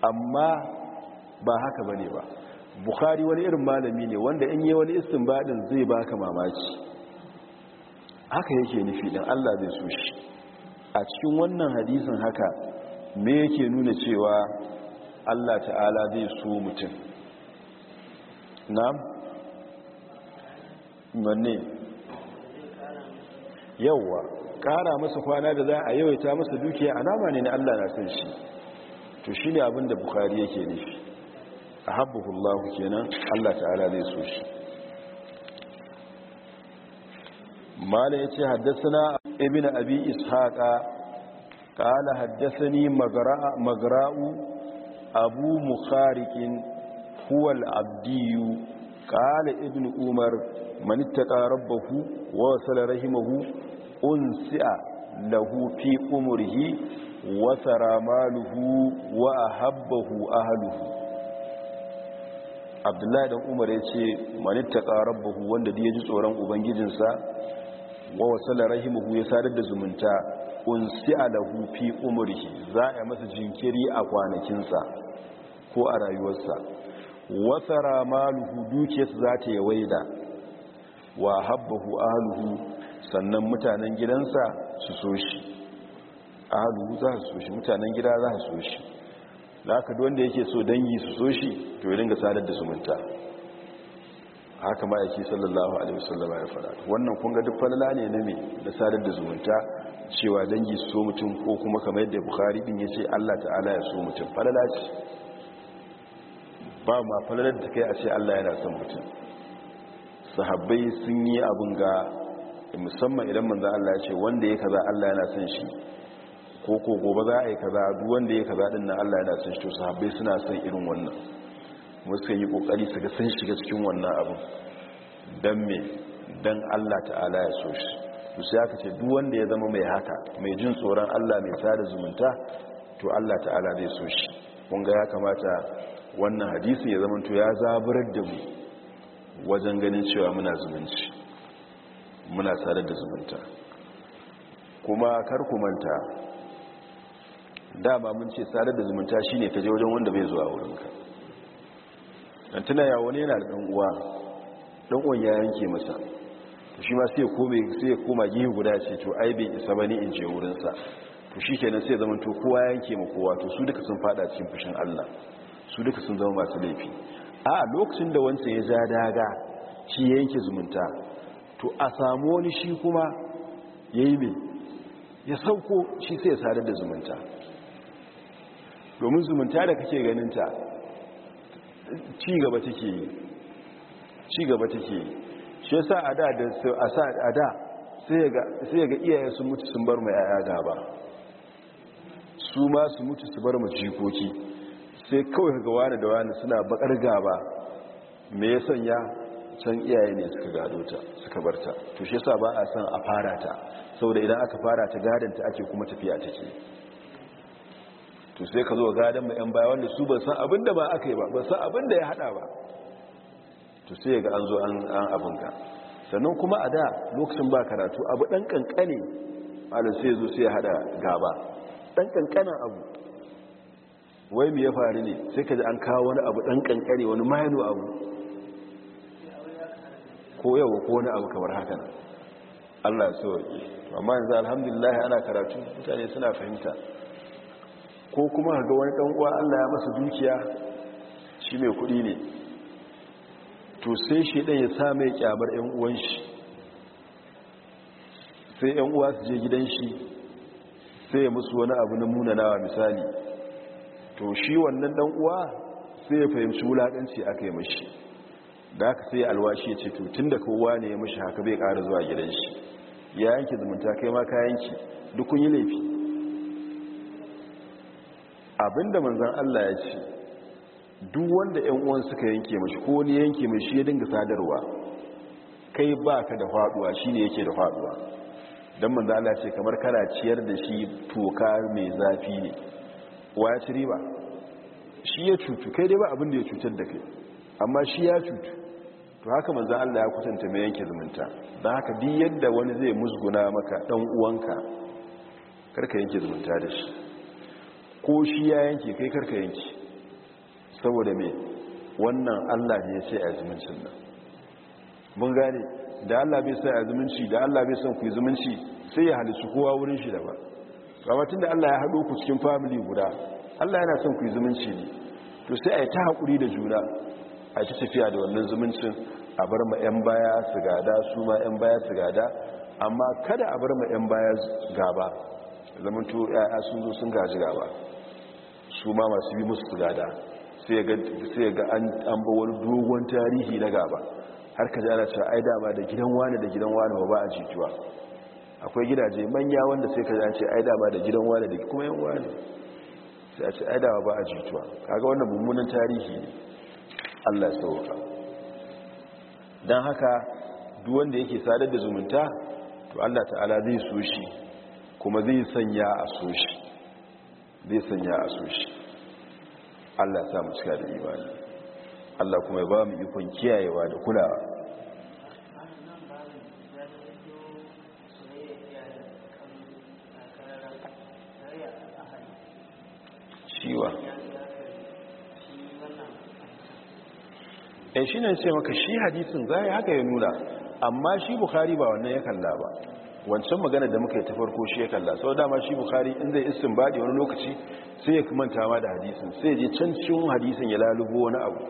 amma ba haka ba ne ba bukhari wani irin malami ne wanda in yi wani baɗin zai baka mamaki haka yake nufi ɗin Allah zai so shi a cikin wannan hadisin haka me yake nuna cewa Allah ta'ala zai so mutum na'am manne yauwa kara masa kwana da za a yawaita masa dukiya alama ne na Allah na san shi to shi ne abin da bukari yake nufi a habbukullahu kenan allah ta'ala zai so shi mala ya ce haddasana ibina abi ishaqa kala haddasani magra'u abu mukharikin huwal abdiyu kala ibn umar manitta karabahu wa wasala rahimahu unsi'a lahu fi umrihi wasara maluhu wa ahabbahu ahaluhu abdullahi dan umar ya ce manitta buhu wanda da ya ji tsoron ubangijinsa wa wasala rahimahu ya sadar da zumunta unsi alahu fi shi za a masa jinkiri a kwanakinsa ko a rayuwarsa wasara maluhu dukiyarsa za ta da wa habbahu ahaluhu sannan mutanen gidansa su so shi ahalu za su so shi mutanen gida za su so shi da aka wanda yake so dangi su so shi to yi ringa sadar da zumunta haka ma yake sallallahu alaihi wasallam ya fara wannan kun ga duk falala ne na me da sadar da zumunta cewa dangi su so mutum ko kuma kamar yadda bukhari din yace Allah ta'ala ya so mutum falala ce ba ma falalar da kai a ce Allah yana son mutum sahabbai sun yi abin ga musamman idan manzo Allah ya ce wanda ya kaza Allah yana son shi ko ko gobe za a yi kaza duk wanda ya kaza din nan Allah yana son shi to sahabbai suna son irin wannan wasu yi kokari su ga san shiga cikin wannan abu dan me dan Allah ta'ala ya so shi to sai aka ce duk wanda ya zama mai haka mai jin tsoron Allah mai sada zumunta to Allah ta'ala zai so shi kun ga ya kamata wannan hadisi ya zama to ya zaburar da mu wajen ganin cewa muna zumunci muna sadar da zumunta kuma kar ku manta da ba mun ce tsare da zumunta ne ta je wajen wanda bai zuwa wurinka dan tana ya wani yana da ɗan'uwa. Ɗan'uwan ya yanke masa to shi ma sai ya koma gihi guda ce to ai bai isa ba ne in je wurin sa shi kenan sai zama to kowa ya yanke ma kowa to su duka sun fada cikin fushin Allah su duka sun zama masu laifi a lokacin da wancan ya ja daga shi ya yanke zumunta to a samu wani shi kuma yi me ya sauko shi sai ya sadar da zumunta domin zumunta da kake ganinta cigaba take yi cigaba take yi shi sa a da a da sai ga iyayen sun mutu sun bar mu yaya gaba su ma su mutu su bar mu jikoki sai kawai ga wani da wani suna bakar gaba me ya sanya can iyaye ne suka gado ta suka bar ta to shi sa ba a san a fara ta saboda idan aka fara ta gadanta ake kuma tafiya take to sai ka zo gadon mai yan baya wanda su ba san abin da ba aka yi ba ban san abin da ya hada ba to sai ga an zo an abin ka sannan kuma a da lokacin ba karatu abu dan kankane malam sai zo sai ya hada gaba dan kankanan abu wai me ya faru ne sai ka ji an kawo wani abu dan kankane wani mayano abu ko yau ko wani abu kamar haka Allah ya so amma yanzu alhamdulillah ana karatu mutane suna fahimta ko kuma ga wani ɗan uwa Allah ya masa dukiya shi mai kuɗi ne to sai shi ɗan ya sa mai kyamar ‘yan sai ‘yan uwa su je gidan shi sai ya musu wani abu na munanawa misali to shi wannan ɗan uwa sai ya fahimci wulaƙanci aka yi mashi da aka sai alwashi ya ce to tun da kowa ne ya mashi haka bai ƙara zuwa gidan shi ya yanki zumunta kai ma kayanki duk kun yi laifi abinda manzan Allah ya ce duk wanda ƴan uwan suka yanke mashi ko ne yanke mashi ya dinga sadarwa kai baka da faduwa shine yake da faduwa don manzan Allah ya ce kamar kana ciyar da shi toka mai zafi ne wa ya ci riba shi ya cutu kai dai ba abin da ya cutar da kai amma shi ya cutu to haka manzan Allah ya kutanta mai yanke zumunta don haka duk yadda wani zai musguna maka ɗan uwanka karka yanke zumunta da shi ko shi ya yanke kai karka yanke saboda me wannan allah ne ya ce a zumuncin nan mun gane da allah bai sai a zumunci da allah bai son ku zumunci sai ya halittu kowa wurin shi daban gabatin da allah ya haɗo ku cikin famili guda allah yana son ku yi zumunci ne to sai a yi ta haƙuri da juna a ci tafiya da wannan zumuncin a bar ma 'yan baya su gada su ma 'yan baya su gada amma kada a bar ma 'yan baya gaba zamanto 'ya'ya sun zo sun gaji gaba su ma masu bi musu gada sai ga an ba wani dogon tarihi na gaba har ka jana cewa ai dama da gidan wane da gidan wane ba a jituwa akwai gidaje manya wanda sai ka jana ce ai dama da gidan wane da kuma yan wane sai a ce ai dama ba a jituwa kaga wannan mummunan tarihi ne allah sauka don haka duk wanda yake sadar da zumunta to allah ta'ala zai so shi kuma zai sanya a so shi zai sanya a so shi allah ta samu cika da imani allah kuma ya ba mu ikon kiyayewa da kulawa ciwa eh, shi ne ce maka shi hadisun zai haka ya nuna amma shi Bukhari ba wannan ya kalla ba wancan magana da muka yi ta farko shi ya kalla sau dama shi bukari in zai isin baɗi wani lokaci sai ya manta ma da hadisin sai ya je can cikin ya lalubo wani abu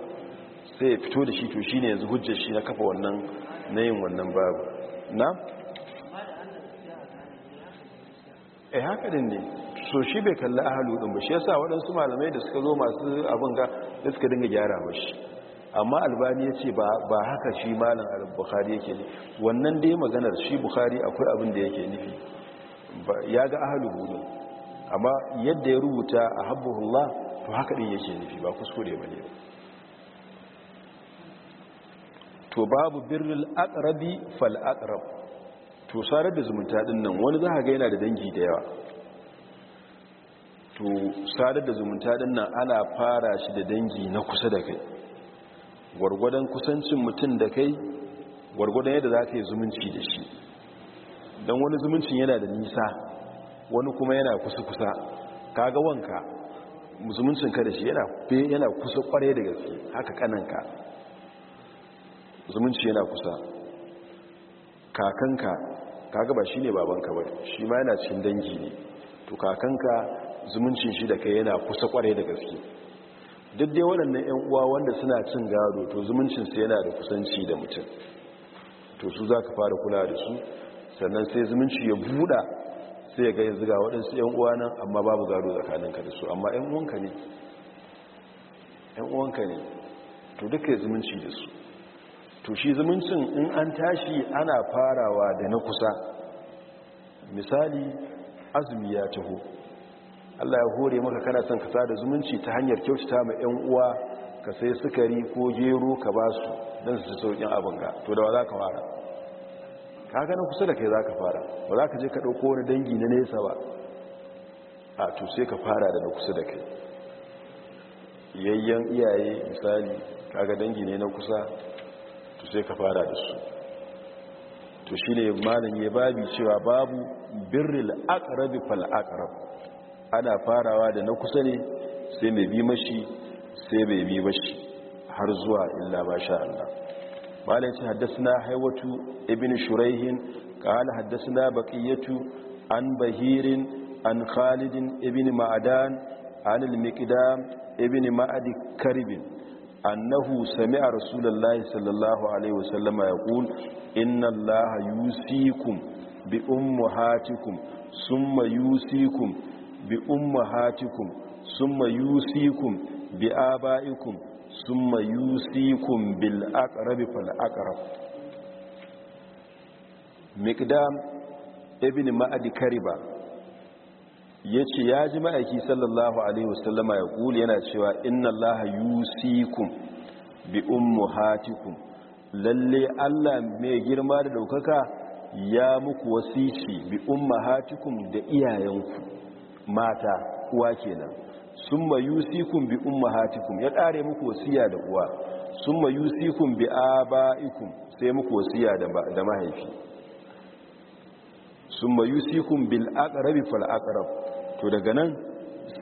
sai ya fito da shi to shi ne yanzu hujjar shi na kafa wannan na yin wannan babu na? eh haka din ne so shi bai kalla ahalu din ba shi yasa waɗansu malamai da suka zo masu abin ga da suka dinga gyara mashi amma albani ya ce ba haka shi malin bukhari yake ne wannan dai maganar shi bukhari akwai abin da yake nufi ya ga ahalu hudu amma yadda ya rubuta a habbuhullah to haka ɗin yake nufi ba kuskure ba to babu birnin akarabi fal to sarar da zumunta ɗin nan wani za a ga yana da dangi da yawa to sadar da zumunta ɗin nan ana fara shi da dangi na kusa da kai gwargwadon kusancin mutum da kai gwargwadon yadda za ka yi zumunci da shi don wani zumuncin yana da nisa wani kuma yana kusa-kusa kaga wanka zumuncin ka da shi yana kusa kwarai da gaske haka kananka zumunci yana kusa kakanka kaga gaba shi ne babanka bai shi ma yana cikin dangi ne to kakanka zumuncin shi da kai yana kusa kwarai da gaske duk dai waɗannan 'yan uwa wanda suna cin gado to zumuncinsu yana da kusanci da mutum to su za ka fara kula da su sannan sai zumunci ya buɗa sai ga yanzu ga waɗansu 'yan uwa nan amma babu gado tsakaninka da su amma 'yan uwanka ne 'yan uwanka ne to duka ya zumunci da su to shi zumuncin in an tashi ana farawa da na kusa misali azumi ya taho Allah ya hore maka kana son ka sada zumunci ta hanyar kyautata ma ƴan uwa ka sai sukari ko gero ka ba su don su sauƙin abin ga to da wa za ka fara ka gana kusa da kai za ka fara ba za ka je ka ɗauko wani dangi na nesa ba a to sai ka fara da na kusa da kai yayyan iyaye misali kaga dangi ne na kusa to sai ka fara da su to shi ne malin ya babi cewa babu birril aqrabi fal akarab ana farawa da na kusa ne sai mai bi mashi sai mai bi mashi har zuwa illa ba sha Allah malam ce haddasa haiwatu ibn shuraihin qala haddasa baqiyatu an bahirin an khalidin ibn ma'adan an al-miqdam ibn ma'ad karibin annahu sami'a rasulullahi sallallahu alaihi wasallama yaqul inna allaha yusikum bi ummahatikum summa yusikum bi ummahatikum summa yusikum bi abaikum summa yusikum bil aqrab fal aqrab miqdam ibn ma'ad kariba yace ya ji ma'aiki sallallahu alaihi wasallama ya kula yana cewa inna allaha yusikum bi ummahatikum lalle Allah mai girma da daukaka ya muku wasisi bi ummahatikum da iyayenku mata uwa kenan sun ma yusikun bi umma ummahatikum ya ƙare muku wasiya da uwa sun ma yusikun bi aba'ikum sai muku wasiya da mahaifi sun ma yusikun bil aqrabi fal aqrab to daga nan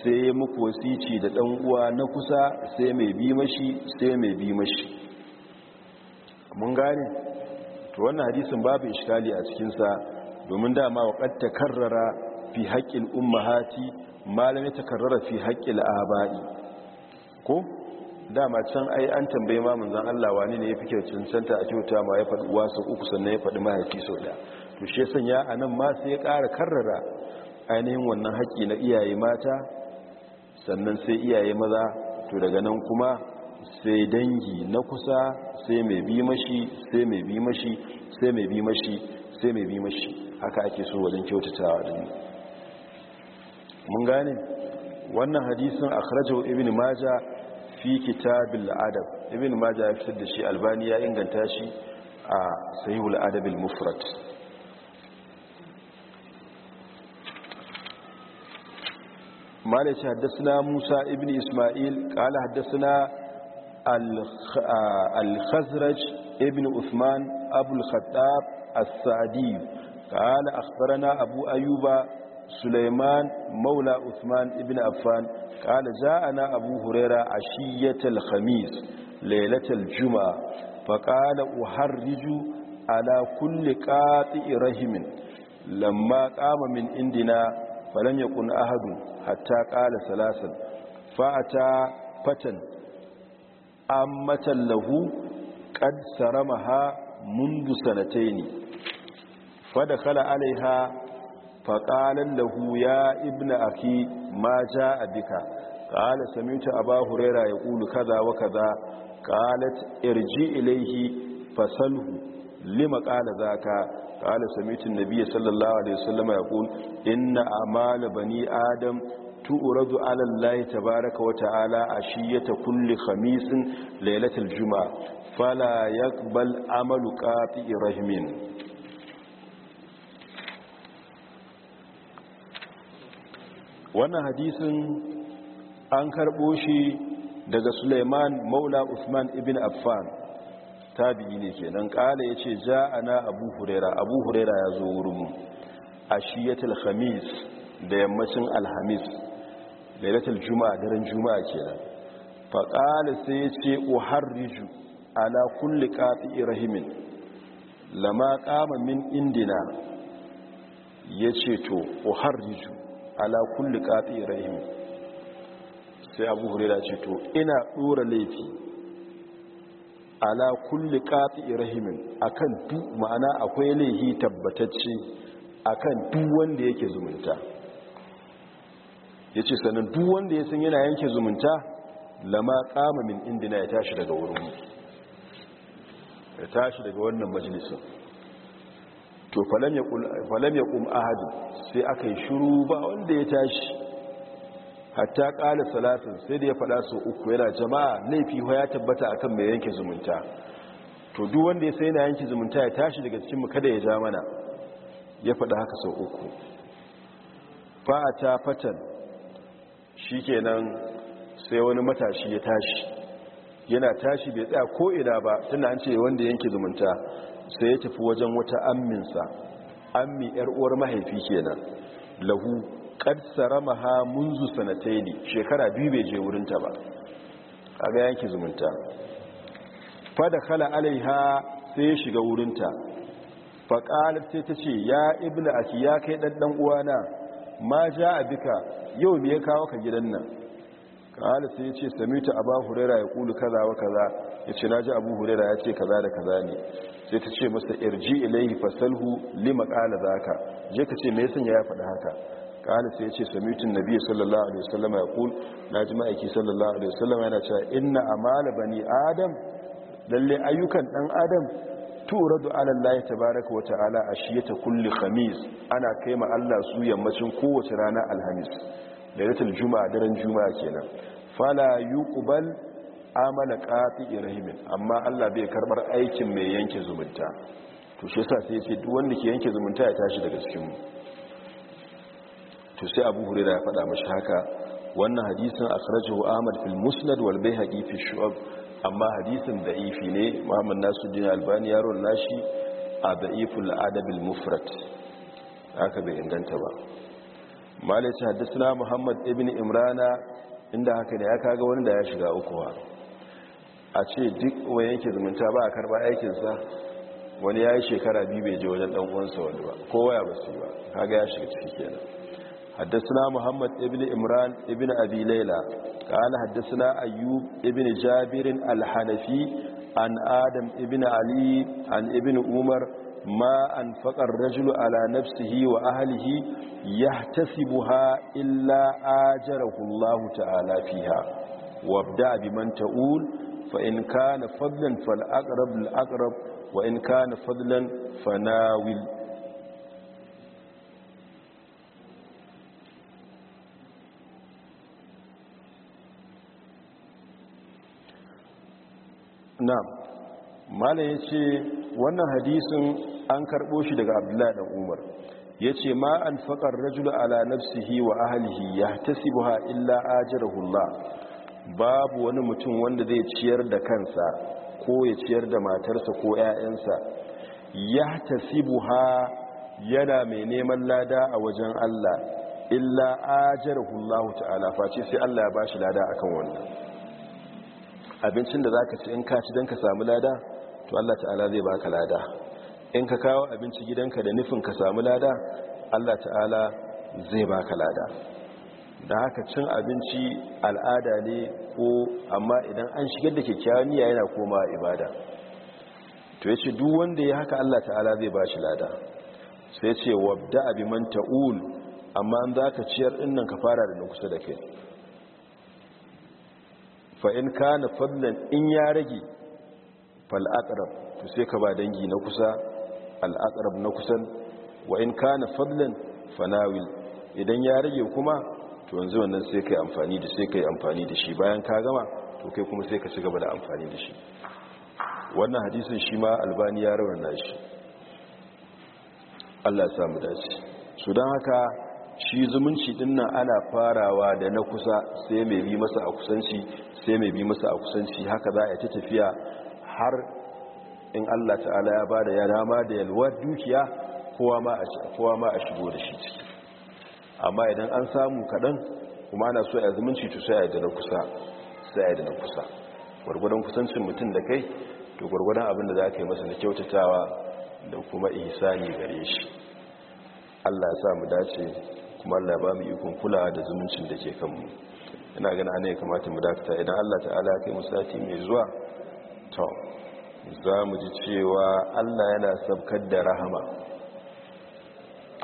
sai muku wasici da ɗan uwa na kusa sai mai bi mashi sai mai bi mashi mun gane to wannan hadisin babu iskali a cikinsa domin dama wa ƙatta karrara fi haƙƙin ummahati malami ta karrara fi haƙƙin aba'i ko dama can ai an tambaye ma zan Allah wani ne ya fi yafi cancanta a kyauta ma ya faɗi wasu uku sannan ya faɗi mahaifi sau da to shi yasan ya anan ma sai ya ƙara karrara ainihin wannan haƙƙi na iyaye mata sannan sai iyaye maza to daga nan kuma sai dangi na kusa sai mai bi mashi sai mai bi mashi sai mai bi mashi sai mai bi mashi haka ake so wajen kyautatawa dinnan mun gane wannan hadisin akhrajahu ibn majah fi kitabil adab ibn majah ya fitar da shi albani ya inganta shi a sahihul adab al-mufrad مالك حدثنا موسى ابن إسماعيل قال حدثنا الخزرج ابن أثمان أبو الخطاب السعدي قال أخبرنا أبو أيوب sulaiman maula usman ibn affan qala na abu huraira ashiyatal khamis lailatal juma'a fa qala uharriju ala kulli qati'i rahimin lamma qama min indina falam yakun ahadun hatta qala salasan fa'ata fatan ammatan lahu qad saramaha منذ سنتين فدخل عليها faƙalan lahu huya, ibna aki ma ja a bika ƙala samita a ba hurera ya ƙulu kaza wa kaza ƙalat irji ilaihi fasalhu lima ƙala za ka ƙala samitin nabiya sallallahu alaihi wasallama ya ƙul inna amala bani adam tu'radu 'ala wata'ala a shi ya ta kulle khamisin lailatul juma'a fala yaqbal amalu qati'i rahimin wannan hadisin an karɓo shi daga suleiman maula usman ibn affan tabi'i ne kenan ƙala ya ce ja na abu hurera abu hurera ya zo wurinmu a shiyatul khamis da yammacin alhamis lailatul juma'a daren juma'a kenan faƙala sai ya ce uharriju ala kulle ƙafi rahimin lama ƙamamin indina ya ce to uharriju ala kulli qati rahim sai abu hurira ce to ina dora laifi ala kulli qati rahim akan duk ma'ana akwai laifi tabbatacce akan duk wanda yake zumunta yace sanan duk wanda ya san yana yanke zumunta lama qama min indina ya tashi daga wurin ya tashi daga wannan majalisin to falam ya kuma Ahadi sai aka yi shuru ba wanda ya tashi hatta ƙala salatin sai da ya faɗa sau uku yana jama'a laifi ya tabbata akan mai yanke zumunta to duk wanda ya sai na yanke zumunta ya tashi daga cikin mu kada ya ja mana ya faɗa haka sau uku a ta fatan shi kenan sai wani matashi ya tashi yana tashi bai tsaya ko'ina ba tana an ce wanda yanke zumunta sai ya tafi wajen wata amminsa ammi yar uwar mahaifi kenan lahu sarama ha munzu sanataini shekara biyu bai je wurinta ba a ga yanki zumunta fa da khala alaiha sai ya shiga wurinta fa qalat sai ta ya ibnu aki ya kai dan uwana ma ja abika yau me ya kawo ka gidan nan qalat sai ya ce samitu aba huraira ya kulu kaza wa kaza yace ce naji abu huraira ya ce kaza da kaza ne sai ta ce masa irji ilaihi fasalhu lima qala zaka je ka ce me yasan ya faɗa haka qala sai ya ce sami'tu nabiyyi sallallahu alaihi wasallam ya qul naji ma'aiki sallallahu alaihi wasallam yana cewa inna amala bani adam lalle ayyukan dan adam turadu ala Allah tabaaraka wa ta'ala ashiyata kulli khamis ana kaima Allah su yammacin kowace rana alhamis lailatul juma'a daren juma'a kenan fala yuqbal amala kafi rahimin amma Allah bai karbar aikin mai yanke zumunta to shi yasa sai yace duk wanda ke yanke zumunta ya tashi daga cikin mu to sai Abu Hurairah ya faɗa mashi haka wannan hadisin akhrajahu Ahmad fil Musnad wal Baihaqi fi Shu'ab amma hadisin da'ifi ne Muhammad Nasiruddin Albani ya rawaita shi a da'iful adab al mufrad haka bai inganta ba malaci haddasa muhammad ibn imrana inda haka ne ya kaga wani da ya shiga ukuwa a ce duk wani yake zumunta ba a karba aikinsa wani ya yi shekara biyu bai je wajen ɗan'uwansa wani ba kowa ya basu ba kaga ya shiga ciki kenan haddasa muhammad ibn imran ibn abi laila haddasa ayyub ibn al alhanafi an adam ibn ali an ibn umar ma an faƙar rajulu ala nafsihi wa ahlihi ya tasibuha illa ajarahullahu ta'ala fiha wabda bi man ta'ul fa in kana fadlan fal aqrab al wa in fadlan fanawil na'am malam yace wannan hadisin an karbo shi daga abdullahi dan umar yace ma an faqar ala nafsihi wa ahlihi yahtasibuha illa ajruhu allah babu wani mutum wanda zai ciyar da kansa ko ya ciyar da matarsa ko 'ya'yansa ya tasibu ha yana mai neman lada a wajen Allah illa ajarahu hullahu ta'ala face sai Allah ya ba shi lada akan wannan abincin da za ka ci in ka ci don ka samu lada to Allah ta'ala zai ba ka lada in ka kawo abinci gidanka da nufin ka samu lada Allah ta'ala zai ba ka lada da haka cin abinci al'ada ne ko amma idan an shigar da kyakkyawan niyya yana koma ibada to yace duk wanda ya haka Allah ta'ala zai ba shi lada sai yace wabda abi man ta'ul amma an zaka ciyar dinnan ka fara da kusa da kai fa in kana fadlan in ya rage fal aqrab to sai ka ba dangi na kusa al aqrab na kusan wa in kana fadlan fanawil idan ya rage kuma to yanzu wannan sai kai amfani da sai kai amfani da shi bayan ka gama to kai kuma sai ka ci gaba da amfani da shi wannan hadisin shi ma albani ya rawana shi Allah ya mu dace su don haka shi zumunci nan ana farawa da na kusa sai mai bi masa a kusanci sai mai bi masa a kusanci haka za a ta tafiya har in Allah ta'ala ya bada ya dama da yalwar dukiya kowa ma a shigo da shi ciki amma idan an samu kaɗan kuma ana so ya zumunci to sai ya na kusa sai ya na kusa gwargwadon kusancin mutum da kai to gwargwadon abin da za ka yi masa da kyautatawa da kuma ihsani gare shi allah ya sa mu dace kuma allah ba mu ikon kulawa da zumuncin da ke kanmu ina gana ana ya kamata mu dakata idan allah ta'ala ya kai mu sati mai zuwa to za mu ji cewa allah yana sabkar da rahama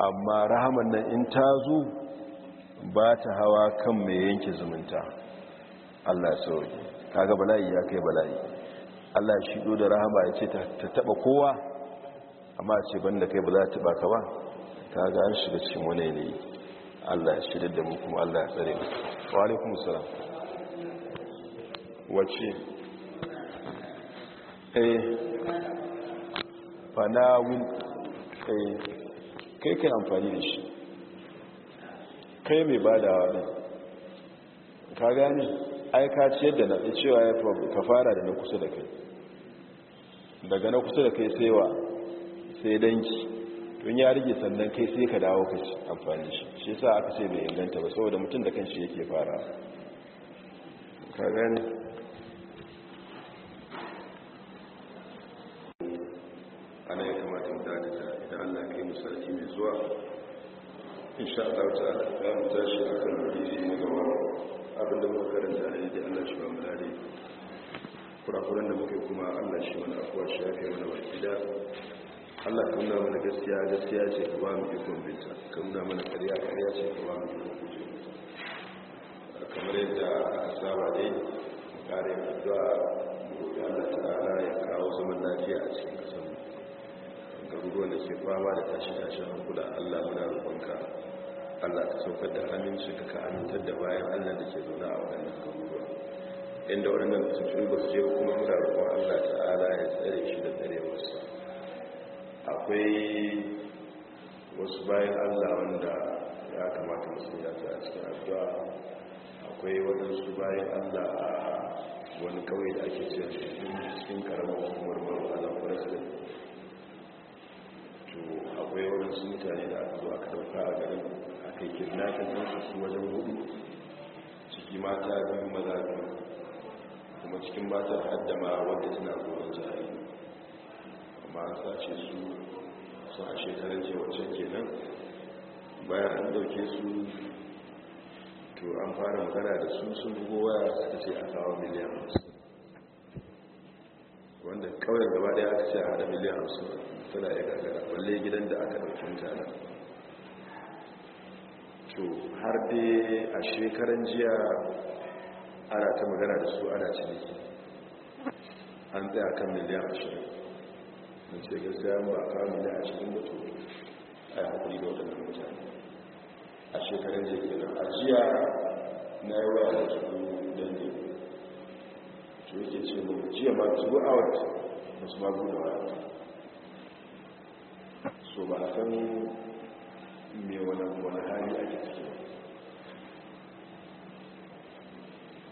amma rahaman nan in ta zo ba ta hawa kan mai yanke zumunta allah sauki kaga bala'i ya kai bala'i allah shi da rahama ya ce ta taba kowa amma ce banda kai ba za ta baka ba kaga an shiga cikin wani yanayi allah ya shirya da mu kuma allah ya tsare mu wa alaikum salam wace eh fanawin eh kai kai amfani da shi kai mai ba da waɗin ka gani aika ciyar yadda na cewa ya ka fara da na kusa da kai daga na kusa da kai wa sai danci. tun ya rige sannan kai sai ka dawo ka amfani shi shi sa aka ce bai inganta ba saboda mutum da kan shi yake fara ka gani ana yi kamata mu dace da Allah mu mai zuwa in sha ta za mutar shi a kan hadisi na gaba abinda muka karanta ne da Allah shi ba mu kurakuran da muke kuma Allah shi mana afuwa shi ya kai mana baki da Allah kan nuna mana gaskiya gaskiya ce ka ba mu ikon binta kan nuna mana karya karya ce ka ba mu ikon binta kamar yadda a saba dai ƙarin addu'a da Allah ta'ala ya kawo zaman lafiya a cikin kasan. garuruwan da ke fama da tashi tashin hankula allah muna rukunka allah ta saukar da aminci ka amintar da bayan allah da ke zaune a waɗannan garuruwa inda waɗannan tuntun ba su je kuma muna rukun allah ta'ala ya tsare shi da wasu akwai wasu bayan allah wanda ya kamata musu ya ta cikin addu'a akwai waɗansu bayan allah a wani kawai da ake cewa cikin karamar hukumar da na akwai waɗansu mutane da aka zo aka dauka a garin aka yi kidnapping ɗinsu su wajen hudu ciki mata biyu maza biyu kuma cikin matar haddama wadda suna zuwa jari amma an sace su su a shekarar ke kenan bayan an dauke su to an fara magana da su sun bugo waya suka ce a kawo miliyan ƙauyen gaba daya aka ce hada miliyan hamsin tana ya gagara walle gidan da aka ɗauki mutane to har dai a shekaran jiya ana ta magana da su ana ciniki an tsaya kan miliyan ashirin da ce gaskiya ba a kawo miliyan ashirin da to a yi haƙuri da waɗannan mutane a shekaran jiya kenan a jiya na yi waya da su dangi To yake ce mu jiya ma zuwa a wata wasu babu da wata so ba a san mai wani hali ake ciki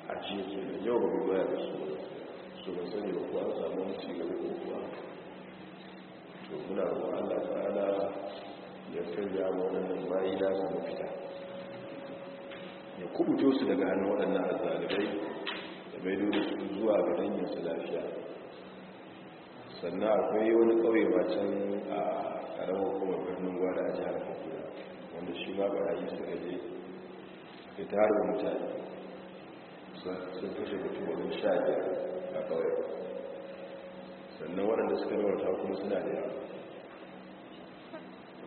a cikin da yau babu baya da su so ba sani ba kuwa samun cigaba ko kuwa to muna ruwa allah tsada ya karya waɗannan bayi da su mafita ya kubuto su daga hannun waɗannan azalibai da bai dole su zuwa ga danginsu lafiya sannan akwai wani ƙauye macin a karamar kuma birnin gwada a jihar kaduna wanda shi ma barayi suka je suka tare mutane sun kashe mutum wani sha biyar a kawai sannan waɗanda suka rawarta kuma suna da yawa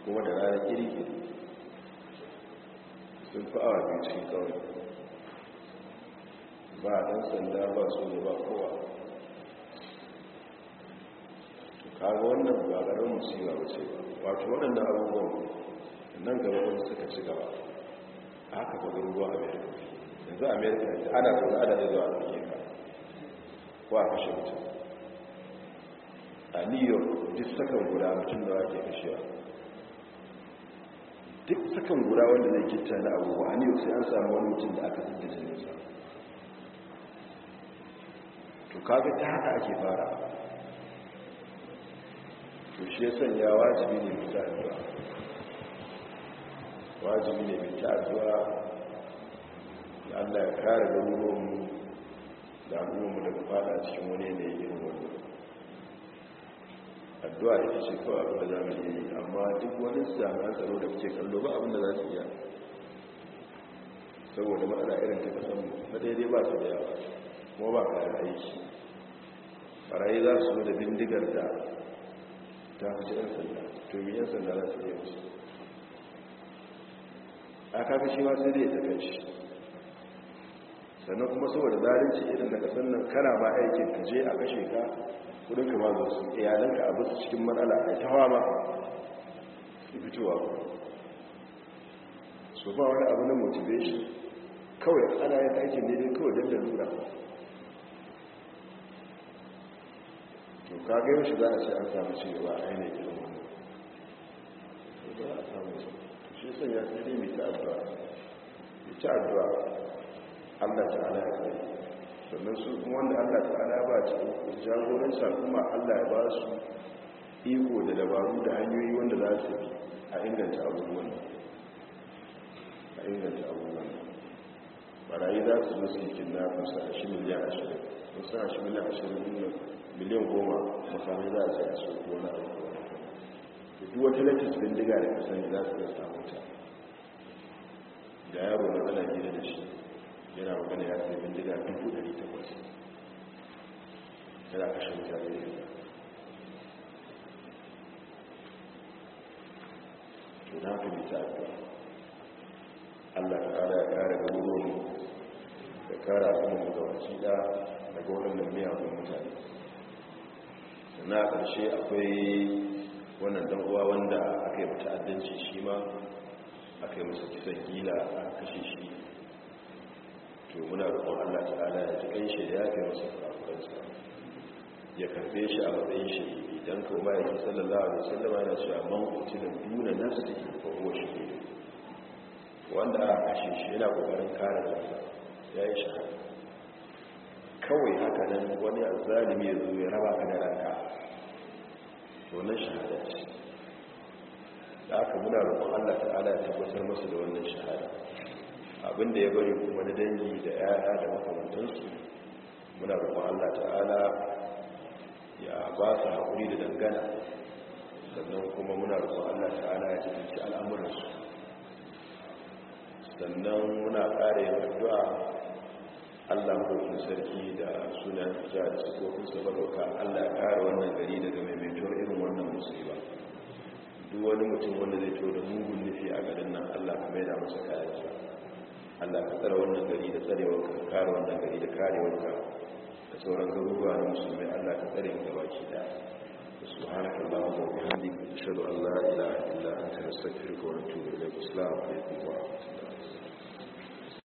kuma da rayar kirki sun fi awa biyu cikin ƙauye ba a ɗan sanda ba su ne ba kowa kaga wannan ba garin musiba ba ce wato waɗannan abubuwan nan gaba wani suka ci gaba haka ba garuruwa amerika yanzu america ta ana zaune ana da zuwa ɗauke ka ko a kashe mutum a new york duk sakan guda mutum da wake kashewa duk sakan guda wanda zai kitta na abubuwa a new york sai an samu wani mutum da aka zidda jininsa to kaga ta haka ake fara to shi ya sanya wajibi ne mai ta'addu'a wajibi ne mai ta'addu'a da allah ya kare garuruwanmu da al'ummu daga fada cikin wani ne irin wani addu'a ya ce kawai abin da za mu yi amma duk wani zama tsaro da kuke kallo ba abin da za su iya saboda matsala irin ta kasanmu na daidai ba su da yawa kuma ba yi aiki barayi za su da bindigar da ta fi yan sanda to yi yan sanda za su iya musu a kafin shi ma sai dai ta shi. sannan kuma saboda zalunci irin da kasan nan kana ba aikin ka je a kashe ka kudin ka za su iyalanka a basu cikin matsala a ta ba su fitowa su ba wani abu na motivation kawai ana yin aikin ne dai kawai don da ka ga yau shi za a ce an samu ci gaba a yanayi irin wannan ba a samu shi sun ya tsiri mai ta addu'a mai ta addu'a allah ta'ala ya tsaye sannan su kuma wanda allah ta'ala ba cikin jagoransa kuma allah ya ba su iko da dabaru da hanyoyi wanda za su bi a inganta abubuwan a inganta abubuwan barayi za su zo su yi kidnapping su a shi miliyan ashirin musu a shi miliyan ashirin dinnan miliyan goma makamai za a sai a soke wani abu da duk wata latis diga da kasan za su iya samu ta da yaro na ana gida da shi yana magana ya sai diga dubu ɗari takwas yana kashe mutane da yana to na fi bisa Allah ta ƙara ya ƙara garuruwan da kara abin da wace da daga waɗannan miyagun mutane sannan a ƙarshe akwai wannan ɗan'uwa wanda aka yi mata addanci shi ma aka yi masa kisan gila a kashe shi to muna roƙon allah ta'ala ya ji ƙan shi da ya fi masa farafukansa ya karfe shi a matsayin shi idan ko ba ya ji sallallahu alaihi wasallama yana cewa man kutilin duna nafsi ke huwa shi wanda aka kashe shi yana kokarin kare kansa ya yi shaka kawai haka nan wani azalimi ya zo ya raba ka da ranka wannan shahada ce da aka muna rukun Allah ta'ala ya tabbatar masa da wannan shahada abinda ya bari kuma na dangi da 'ya'ya da makamantansu muna rukun Allah ta'ala ya ba su haƙuri da dangana sannan kuma muna rukun Allah ta'ala ya jikinci al'amuransu sannan muna ƙara yin addu'a allah maɗaukin sarki da suna ja da sukofinsa baroka allah ƙara wannan gari daga maimaituwar irin wannan musulma duk wani mutum wanda zai to da mugun nufi a garin nan allah ka da masa kayansa allah ka tsara wannan gari da tsarewarka kare wannan gari da karewarka da sauran garuruwa na musulmai allah ka tsare mu baki da سبحانك اللهم وبحمدك اشهد ان لا اله الا انت نستغفرك ونتوب اليك السلام عليكم ورحمه الله